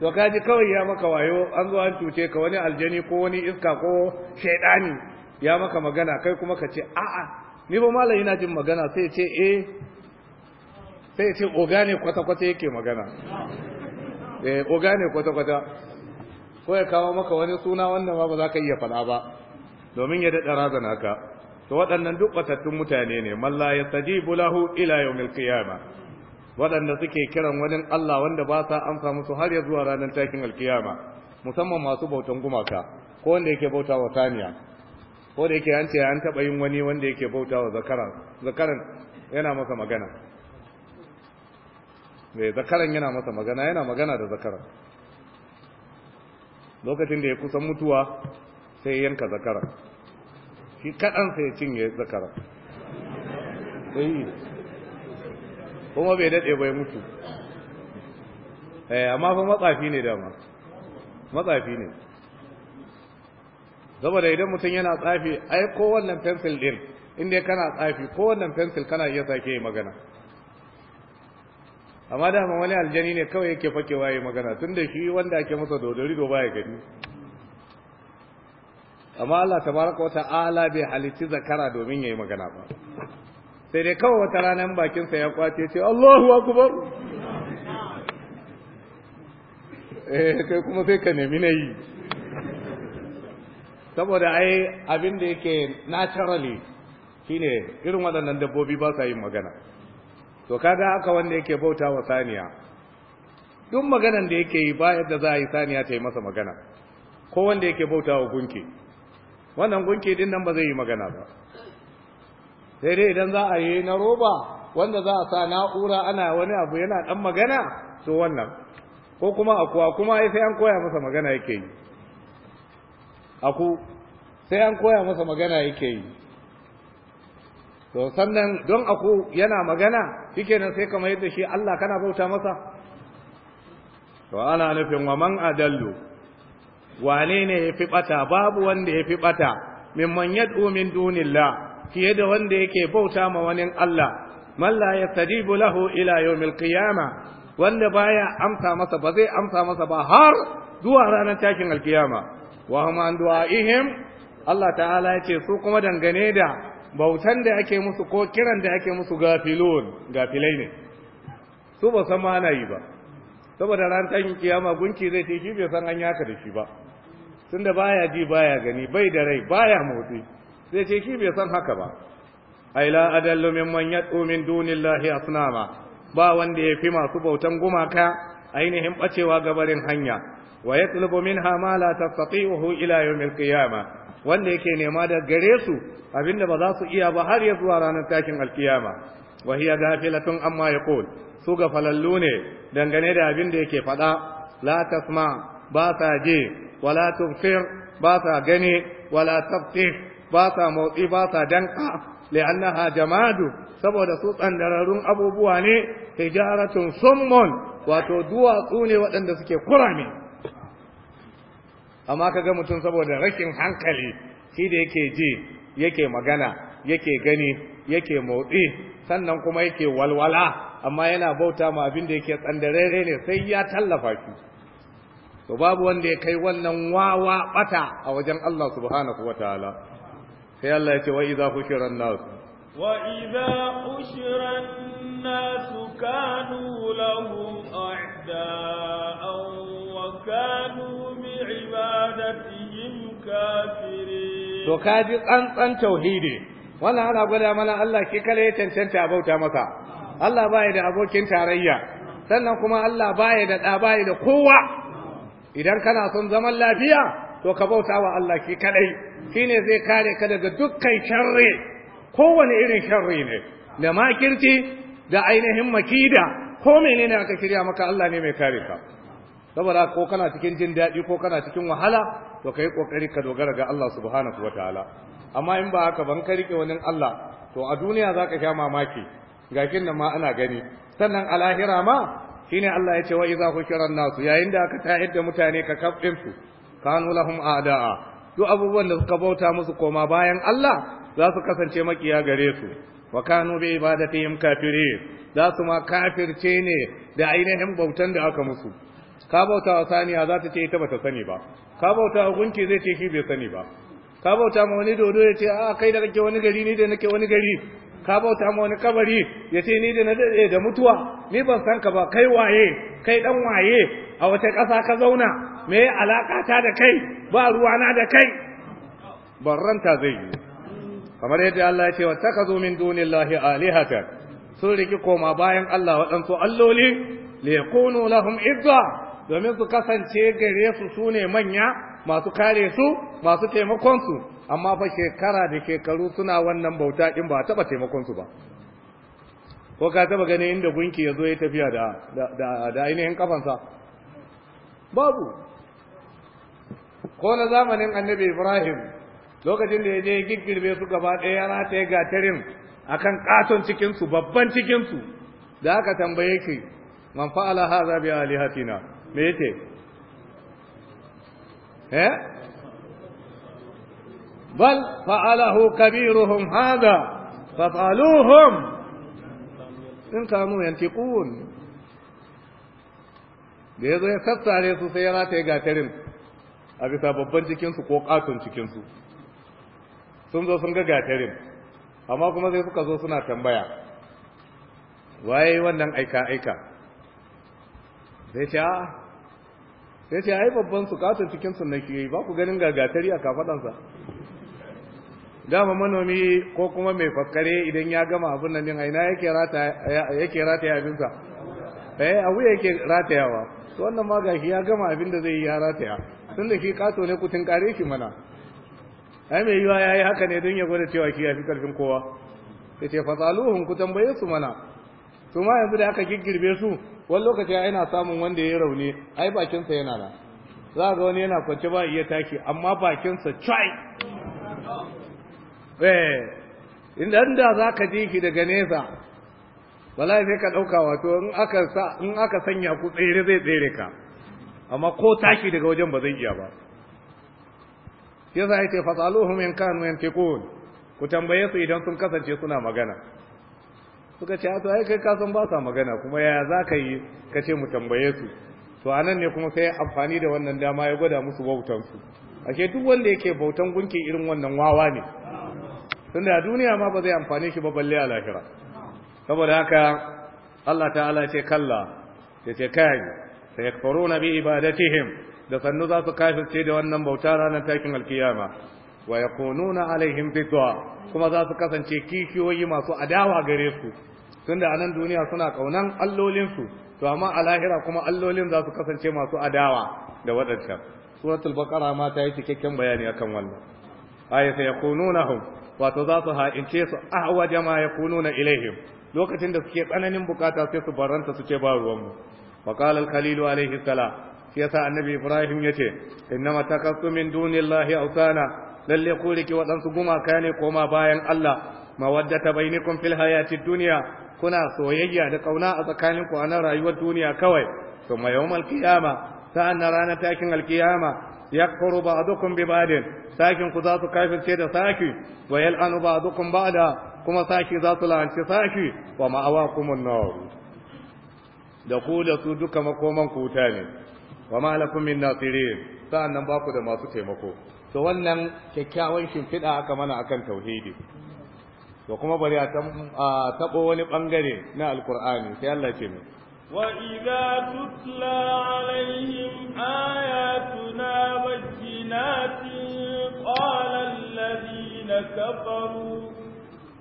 to kaji kawai ya maka wayo an zo an cuce ka wani aljani ko wani iska ko shaidani ya maka magana kai kuma ka ce a'a ni ba malam ina jin magana sai ce eh sai ce oga ne kwata-kwata yake magana eh oga ne kwata-kwata ko ya kawo maka wani suna wanda ba za ka iya faɗa ba domin ya daɗa razana ka to waɗannan duk batattun mutane ne malla yastajibu lahu ila yawmil qiyamah waɗanda suke kiran wani Allah wanda ba sa amsa musu har ya zuwa ranar takin alkiyama musamman masu bautan gumaka ko wanda yake bauta wa saniya ko da yake an ce an taɓa yin wani wanda yake bauta wa zakaran zakaran yana masa magana mai zakaran yana masa magana yana magana da zakaran lokacin da ya kusan mutuwa sai yanka zakaran shi kaɗan sai cinye zakaran kuma bai daɗe bai mutu eh, amma fa matsafi ne dama matsafi ne saboda idan mutum yana tsafi ai ko wannan fensil din inda kana tsafi ko wannan fensil kana iya sake yi magana amma da wani aljani ne kawai yake fakewa yi magana tun da shi wanda ake masa dodori do baya gani amma Allah tabaraka wa ta'ala bai halitti zakara domin yayi magana ba sai dai kawai wata ranar sa ya kwace ce Allahu akbar eh kai kuma sai ka nemi na yi saboda ai abin da yake naturally shine irin waɗannan dabbobi ba sa yin magana to kaga aka wanda yake bauta wa saniya duk maganan da yake yi ba yadda za a yi saniya ta yi masa magana ko wanda yake bauta wa gunki wannan gunki din nan ba zai yi magana ba sai dai idan za a yi na roba wanda za a sa na'ura ana wani abu yana dan magana to wannan ko kuma akuwa kuma ai sai an koya masa magana yake yi aku sai an koya masa magana yake yi to sannan don aku yana magana shikenan sai kamar yadda shi Allah kana bauta masa to ana nufin wa man adallu wane ne yafi bata babu wanda yafi bata mimman yad'u min dunillah fiye da wanda yake bauta ma wani Allah malla ya yastajibu lahu ila yawmil qiyama wanda baya amsa masa ba zai amsa masa ba har zuwa ranar takin alkiyama wa hum an du'aihim Allah ta'ala ce su kuma dangane da bautan da ake musu ko kiran da ake musu gafilun gafilai ne su ba san ma ana yi ba saboda ran takin kiyama gunki zai ce shi bai san an yaka da shi ba tunda baya ji baya gani bai da rai baya motsi sai ce shi bai san haka ba ai la adallu man yad'u min dunillahi asnama ba wanda yafi masu bautan gumaka ainihin bacewa gabarin hanya wa yatlubu minha ma la tastati'uhu ila yawmil qiyama wanda yake nema da gare su abinda ba za su iya ba har ya zuwa ranar takin alkiyama wa hiya gafilatun amma yaqul su ga falallu ne dangane da abin da yake faɗa la tasma ba sa je wala tubsir ba sa gani wala tafsir ba sa motsi ba sa danka li'annaha jamadu saboda su tsandararrun abubuwa ne tijaratun summon wato duwatsu ne waɗanda suke kurame amma kaga mutum saboda rashin hankali shi da yake ji yake magana yake gani yake motsi sannan kuma yake walwala amma yana bauta ma abin da yake tsandararre ne sai ya tallafa shi to babu wanda ya kai wannan wawa bata a wajen Allah subhanahu wataala sai Allah ya ce wa iza hushira an wa iza hushira an-nas kanu lahum a'da'an wa kanu bi ibadatihim kafirin to kaji tsantsan tauhidi wannan ana gwada mana Allah ke kala ya cancanta a masa Allah baya da abokin tarayya sannan kuma Allah baya da ɗa baya da kowa idan kana son zaman lafiya to ka bauta wa Allah ke kadai shine zai kare ka daga dukkan sharri kowane irin sharri ne da makirci da ainihin makida ko menene aka kirya maka Allah ne mai kare ka saboda ko kana cikin jin daɗi ko kana cikin wahala to kai kokari ka dogara ga Allah subhanahu wataala amma in ba haka ban ka rike wani Allah to a duniya zaka sha mamaki gakin nan ma ana gani sannan a lahira ma shine Allah ya ce wa iza hukira nasu yayin da aka ta'idda da mutane ka kafin su kanu lahum a'daa duk abubuwan da suka bauta musu koma bayan Allah za su kasance makiya gare su wa kanu bi ibadatihim kafiri, za su ma kafirce ne da ainihin bautan da aka musu ka bauta wa saniya za ta ce ita bata sani ba ka bauta wa gunki zai ce shi bai sani ba ka bauta ma wani dodo ya ce a kai da kake wani gari ni da nake wani gari ka bauta ma wani kabari ya ce ni da na daɗe da mutuwa ni ban san ka ba kai waye kai ɗan waye a wace ƙasa ka zauna me alaƙa ta da kai ba na da kai barranta zai yi kamar yadda Allah ya ce wa takazu min dunillahi alihatan sun riki koma bayan Allah waɗansu alloli liyakunu lahum izza domin su kasance gare su sune manya masu kare su masu taimakon su amma fa shekara da shekaru suna wannan bauta in ba taba taimakon su ba ko ka taba gani inda gunki ya zo ya tafiya da ainihin kafansa babu ko na zamanin annabi ibrahim lokacin da ya je girgirbe su gaba ɗaya ya rataye gatarin a kan ƙaton cikinsu babban cikinsu, su da aka tambaye ki man fa'ala hadha bi alihatina me yake بل فعله كبيرهم هذا فطالوهم إن كانوا ينتقون da ya zo ya sassare su sai ya rataye gatarin a bisa babban cikinsu ko ƙaton cikinsu sun zo sun ga gatarin amma kuma zai suka zo suna tambaya waye wannan aika-aika zai ce a ya ce ai babban su katon cikin su ke, yi ba ku ganin gagatari a kafadansa dama manomi ko kuma mai fakare idan ya gama abin nan din aina yake rataya yake rataya abinsa eh abu yake ratayawa to wannan ma gashi ya gama abin da zai yi ya rataya tun da shi kato ne kutin kare shi mana ai mai yiwa yayi haka ne don ya gwada cewa shi ya fi karfin kowa yace fasaluhun ku tambaye su mana su ma yanzu da aka girgirbe su wani lokaci yana samun wanda ya yi rauni ai bakinsa yana na za ga wani yana kwance ba iya taki amma bakinsa chai eh idan da za ka ji ki daga nesa wala sai ka ɗauka wato in aka sanya ku tsere zai tsere ka amma ko taki daga wajen ba zai iya ba yasa yace fasaluhum in kanu yantiqun ku tambaye su idan sun kasance suna magana suka ce to ai kai ka san ba sa magana kuma yaya za ka yi ka ce mu tambaye su to anan ne kuma sai amfani da wannan dama ya gwada musu bautan su ake duk wanda yake bautan gunki irin wannan wawa ne tunda a duniya ma ba zai amfane shi ba balle a lahira saboda haka Allah ta'ala ce kalla ya ce kai sai yakfuruna bi ibadatihim da sannu za su kafirce da wannan bauta ranar takin alkiyama wa yakununa alaihim bidwa kuma za su kasance kikiyoyi masu adawa gare su tunda a nan duniya suna kaunan allolinsu to amma a lahira kuma allolin za su kasance masu adawa da waɗancan suratul baqara ma ta yi cikakken bayani akan wannan ay fa yakununahum wato za su ha'ince su ahwaja ma yakununa ilaihim lokacin da suke tsananin bukata sai su baranta su ce ba ruwanmu wa qala al-khalil alayhi salam shi yasa annabi ibrahim yace innama takassu min dunillahi awsana lalle ku riki waɗansu gumaka ne koma bayan Allah mawaddata bainakum fil hayati dunya kuna soyayya da kauna a tsakanin ku rayuwar duniya kawai to ma yawmal qiyama sa'an ranar takin alkiyama yakfuru ba'dukum bi ba'din sakin ku za su kafirce da saki wa yal'anu ba'dukum ba'da kuma saki za su la'anci saki wa ma'awakumun nar da ku da su duka makoman kuta ne wa ma lakum min nasirin nan ba ku da masu taimako to wannan kyakkyawan shimfiɗa aka mana akan tauhidi to kuma bari a tabo wani bangare na alkur'ani sai Allah ce mai وإذا تتلى na آياتنا بينات قال الذين كفروا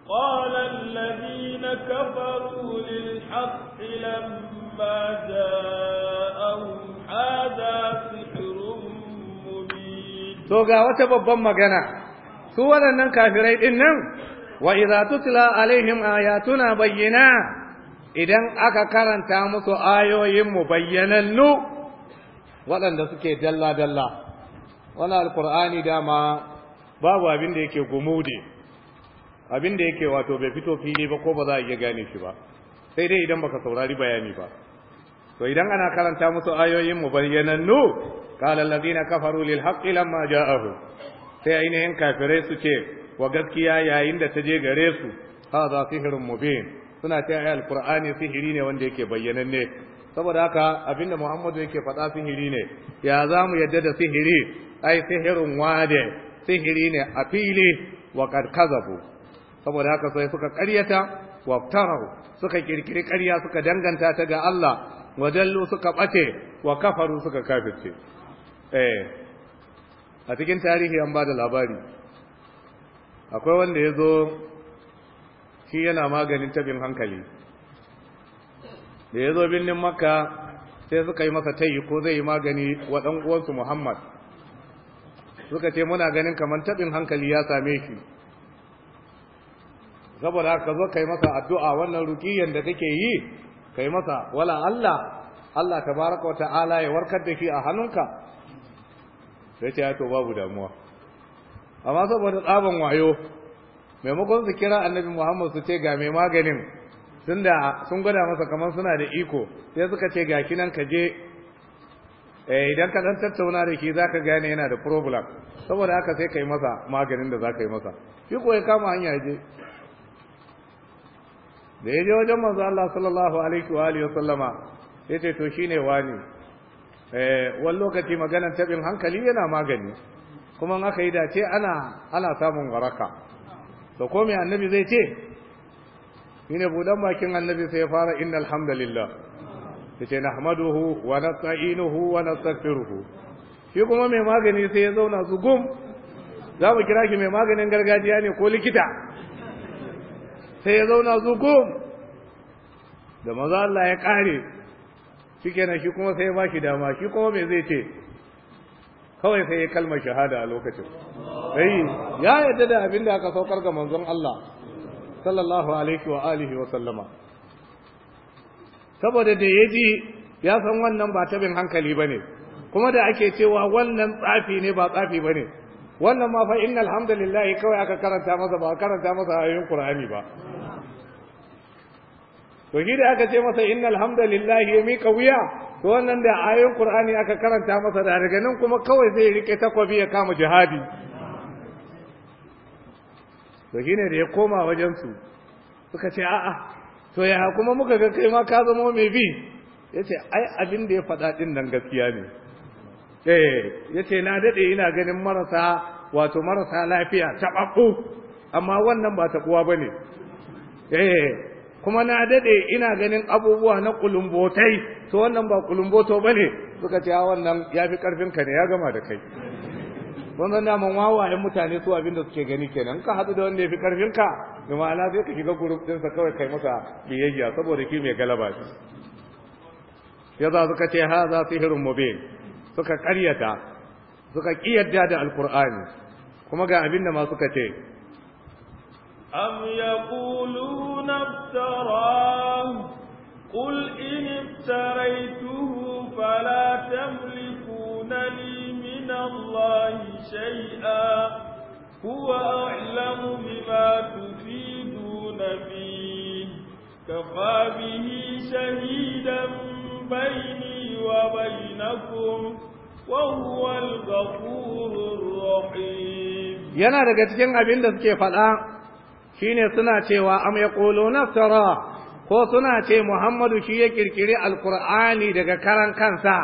قال الذين كفروا للحق لما جاءهم هذا سحر مبين. To ga wata babban magana su waɗannan kafirai ɗin nan wa idza tutla alaihim ayatuna bayyana idan aka karanta musu ayoyin mu bayyanannu waɗanda suke dalla dalla wala alqur'ani dama babu abin da yake gumude abin da yake wato bai fito fili ba ko ba za a iya gane shi ba sai dai idan baka saurari bayani ba to idan ana karanta musu ayoyin mu bayyanannu qala alladhina kafaru lil haqqi lamma ja'ahu sai ainihin kafirai suke wa gaskiya yayin da ta je gare su hadha mu mubin suna ta alkur'ani alqur'ani sihiri ne wanda yake bayyananne saboda haka abinda muhammadu yake faɗa sihiri ne ya za mu yadda da sihiri ai sihirin wade sihiri ne a fili wa kazabu saboda haka sai suka karyata wa waftarau suka kirkiri ƙarya suka danganta ta ga Allah wajallu suka ɓace wa kafaru suka kafirce eh a cikin tarihi an ba da labari akwai wanda ya zo shi yana maganin tabin hankali da ya zo birnin makka sai suka yi masa tayi ko zai yi magani wa muhammad suka ce muna ganin kamar tabin hankali ya same shi saboda ka zo kai masa addu'a wannan rukiyar da kake yi kai masa wala Allah Allah baraka wata ala ya warkar da shi a hannunka sai ce ya to babu damuwa amma saboda tsaban wayo maimakon su kira annabi muhammad su ce ga mai maganin sun da sun gwada masa kamar suna da iko sai suka ce ga kinan ka je eh, idan ka dan tattauna da shi ka gane yana da problem saboda haka sai ka yi masa maganin da za ka yi masa shi ko ya kama hanya je da ya je wajen manzo Allah sallallahu alaihi wa alihi ya yace to shine wani eh, wani lokaci maganar tabin hankali yana magani kuma in aka yi dace ana ana samun waraka to ko me annabi zai ce shine budan bakin annabi sai ya fara innal hamdalillah yace nahmaduhu wa nasta'inuhu wa nastaghfiruhu shi kuma mai magani sai ya zauna su gum za mu kira shi mai maganin gargajiya ne ko likita sai ya zauna su gum da maza Allah ya kare shi kenan shi kuma sai ya ba shi dama shi kuma me zai ce kawai sai ya kalmar shahada a lokacin sai ya yadda da abin da aka saukar ga manzon Allah sallallahu alaihi wa alihi wa sallama saboda da ya ji ya san wannan ba tabin hankali bane kuma da ake cewa wannan tsafi ne ba tsafi bane wannan ma fa innal hamdalillah kawai aka karanta masa ba karanta masa ayoyin qur'ani ba to shi da aka ce masa innal hamdalillah ya mika wuya to wannan da ayoyin Qur'ani aka karanta masa da daga nan kuma kawai zai rike takwabi ya kama jihadi to gine da ya koma wajen su suka ce a'a to ya kuma muka ga kai ma ka zama mai bi yace ai abin da ya faɗa din nan gaskiya ne eh yace na dade ina ganin marasa wato marasa lafiya tababbu amma wannan ba tabuwa bane eh kuma na dade ina ganin abubuwa na kulumbotai to wannan ba kulumboto bane suka ce a ah, wannan yafi karfin ka ne ya gama da kai na mun wawa wawayen mutane su abin da suke gani kenan ka haɗu da wanda ya fi karfin ka da ma'ana sai ka shiga gurup ɗinsa kawai kai masa biyayya saboda ki mai galaba shi ya za suka ce ha za sihirin mubin suka ƙaryata suka ƙiyarda da alkur'ani kuma ga abin da ma suka ce أم يقولون افتراه قل إن افتريته فلا تملكون لي من الله شيئا هو أعلم بما تفيدون فيه كفى به شهيدا بيني وبينكم وهو الغفور الرحيم yana daga cikin abin da suke faɗa shine suna cewa am yaquluna sara ko suna ce Muhammadu shi ya kirkiri alkur'ani daga karan kansa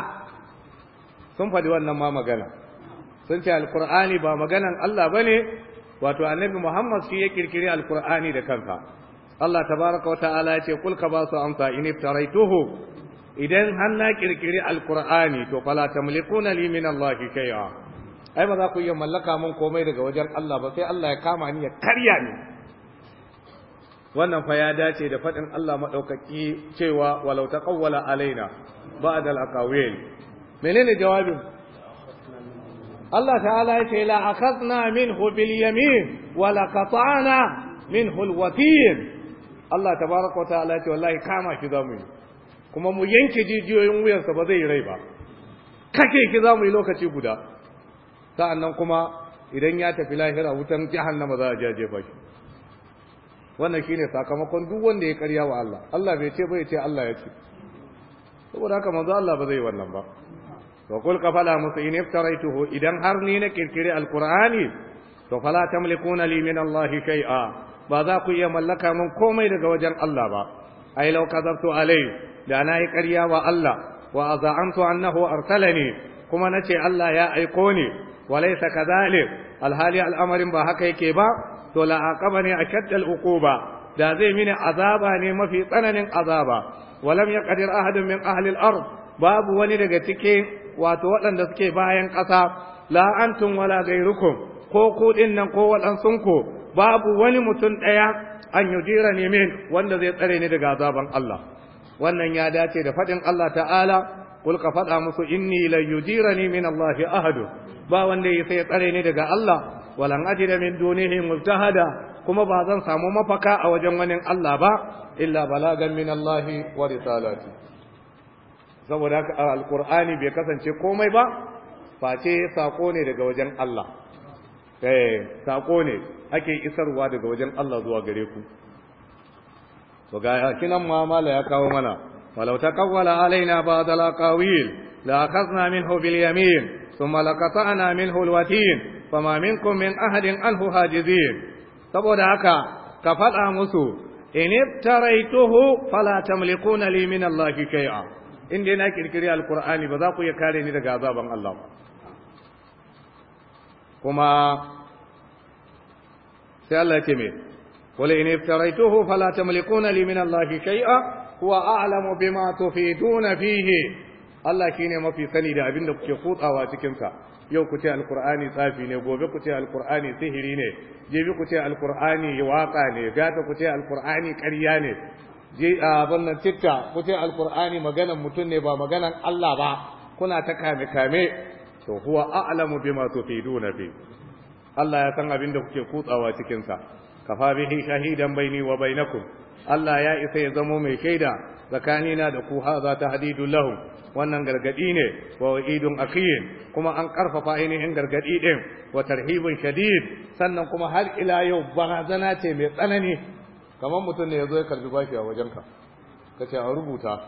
sun faɗi wannan ma magana sun ce alkur'ani ba maganan Allah bane wato annabi Muhammad shi ya kirkiri alkur'ani da kansa Allah tabaraka wa ta'ala ya ce kul ka ba su amsa in iftaraituhu idan har na kirkiri alkur'ani to fala tamlikuna li min Allah shay'a ai ba za ku iya mallaka mun komai daga wajen Allah ba sai Allah ya kama ni ya karya ni wannan fa ya dace da faɗin Allah maɗaukaki cewa walau ƙawwala alaina ba'd al-aqawil menene jawabin Allah ta'ala ya ce la min minhu bil yamin wa la qata'na minhu al-watin Allah tabaraka wa ta'ala ya ce wallahi kama ki zamu yi kuma mu yanke jijiyoyin wuyansa ba zai yi rai ba kake ki zamu yi lokaci guda sa'annan kuma idan ya tafi lahira wutan jahannama za a jaje ba shi wannan shine sakamakon duk wanda ya karya wa Allah Allah bai ce bai ce Allah ya ce saboda haka manzo Allah ba zai wannan ba wa qul qafala musa in iftaraituhu idan har ni na kirkire alqur'ani to fala tamlikuna li min Allah shay'a ba za ku iya mallaka min komai daga wajen Allah ba ai law kadabtu alai da na yi ƙarya wa Allah wa aza'antu annahu arsalani kuma nace Allah ya aiko ni walaysa kadhalik alhali al'amarin ba haka yake ba to la a ashaddal uquba da zai mini azaba ne mafi tsananin azaba walam yaqdir ahadun min ahli al-ard babu wani daga cike wato waɗanda suke bayan ƙasa la antum wala ghayrukum ko ku nan ko waɗansun ku babu wani mutum ɗaya an yujira min wanda zai tsare ni daga azaban Allah wannan ya dace da faɗin Allah ta'ala kul ka faɗa musu inni la yujirani min Allah ahadu ba wanda ya sai tsare ni daga Allah walan ajida min dunihi mujtahada kuma ba zan samu mafaka a wajen wani Allah ba illa balagan min Allah wa risalati saboda alqur'ani bai kasance komai ba face sako ne daga wajen Allah eh sako ne ake isarwa daga wajen Allah zuwa gare ku to ga kinan ma ya kawo mana ولو تقول علينا بعض الاقاويل لاخذنا منه باليمين ثم لقطعنا منه الوتين fama minkum min ahadin anhu hajizin saboda haka ka faɗa musu in iftaraituhu fala tamlikuna li min Allah shay'a in dai na kirkiri alqur'ani ba za ku iya kare ni daga azaban Allah ba kuma sai Allah ya ce me قل إن افتريته fala تملكون لي من الله شيئا هو أعلم بما تفيدون فيه Allah shine mafi sani da abin da kuke kutsawa cikinsa. yau ku ce alqur'ani tsafi ne gobe ku ce alqur'ani sihiri ne jibi ku ce alqur'ani waka ne gata ku ce alqur'ani ƙarya ne je a bannan tikka ku ce alqur'ani maganan mutum ne ba maganan Allah ba kuna ta kame kame to huwa a'lamu bima tufiduna fi Allah ya san abin da kuke kutsawa cikinsa. kafa bihi shahidan baini wa bainakum Allah ya isa ya zamo mai shaida tsakanina da ku haza ta Hadidu Lahu, wannan gargadi ne wa wa'idun akhiyin kuma an karfafa ainihin gargadi din wa tarhibun shadid sannan kuma har ila yau barazana ce mai tsanani kamar mutum ne ya zo ya karbi bashi a wajenka ka ce a rubuta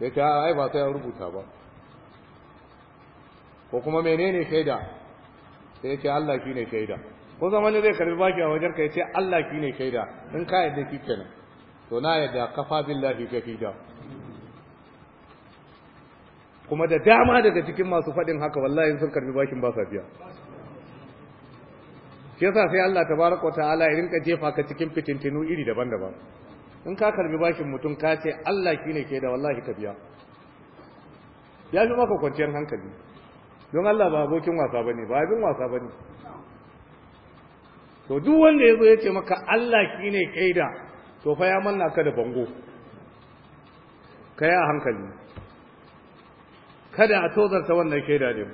ya ce ai ba sai a rubuta ba ko kuma menene shaida sai ya ce Allah shine shaida ko zama ne zai karbi bashi a wajenka ya ce Allah shine shaida in ka yadda kike nan to na yadda kafa billahi da? kuma da dama daga cikin masu faɗin haka wallahi sun karbi bashin ba sa biya shi yasa sai Allah tabaraka wa ta'ala ya rinka jefa ka cikin fitintinu iri daban-daban in ka karbi bashin mutum ka ce Allah shine ke da wallahi ka biya ya fi maka kwanciyar hankali don Allah ba abokin wasa ba ne, ba abin wasa ba ne. to duk wanda zo ya ce maka Allah shine kaida to fa ya manna ka da bango ka yi a hankali kada a tozarta wannan shaida ne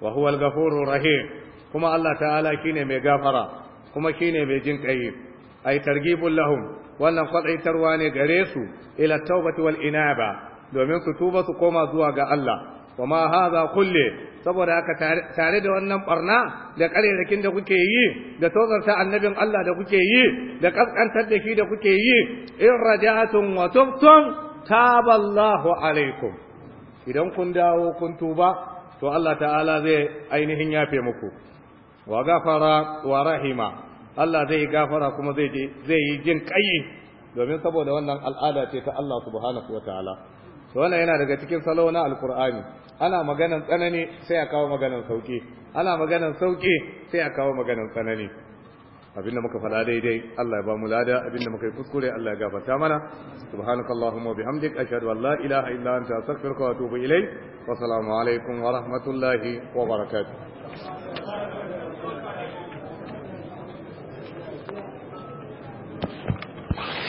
wa huwa al rahim kuma Allah ta'ala kine mai gafara kuma kine mai jin kai ay targhibul lahum wannan kwadaitarwa ne gare su ila tawbati wal inaba domin su tuba su koma zuwa ga Allah wa ma hadha kulli saboda haka tare da wannan barna da karerakin da kuke yi da tozarta annabin Allah da kuke yi da kaskantar da shi da kuke yi in raja'atun wa tubtum taballahu alaikum idan kun dawo kun tuba to Allah ta'ala zai ainihin yafe muku wa gafara wa rahima Allah zai gafara kuma zai yi jin kai domin saboda wannan al'ada ce ta Allah subhanahu wa ta'ala to wannan yana daga cikin salo na alkur'ani ana maganan tsanani sai a kawo maganan sauki ana maganan sauki sai a kawo maganan tsanani abinda muka faɗa daidai Allah ya ba mu lada abinda muka yi kuskure Allah ya gafarta mana subhanakallahumma bihamdik ashhadu an la ilaha illa anta astaghfiruka wa atubu ilayk wa assalamu alaikum wa rahmatullahi wa barakatuh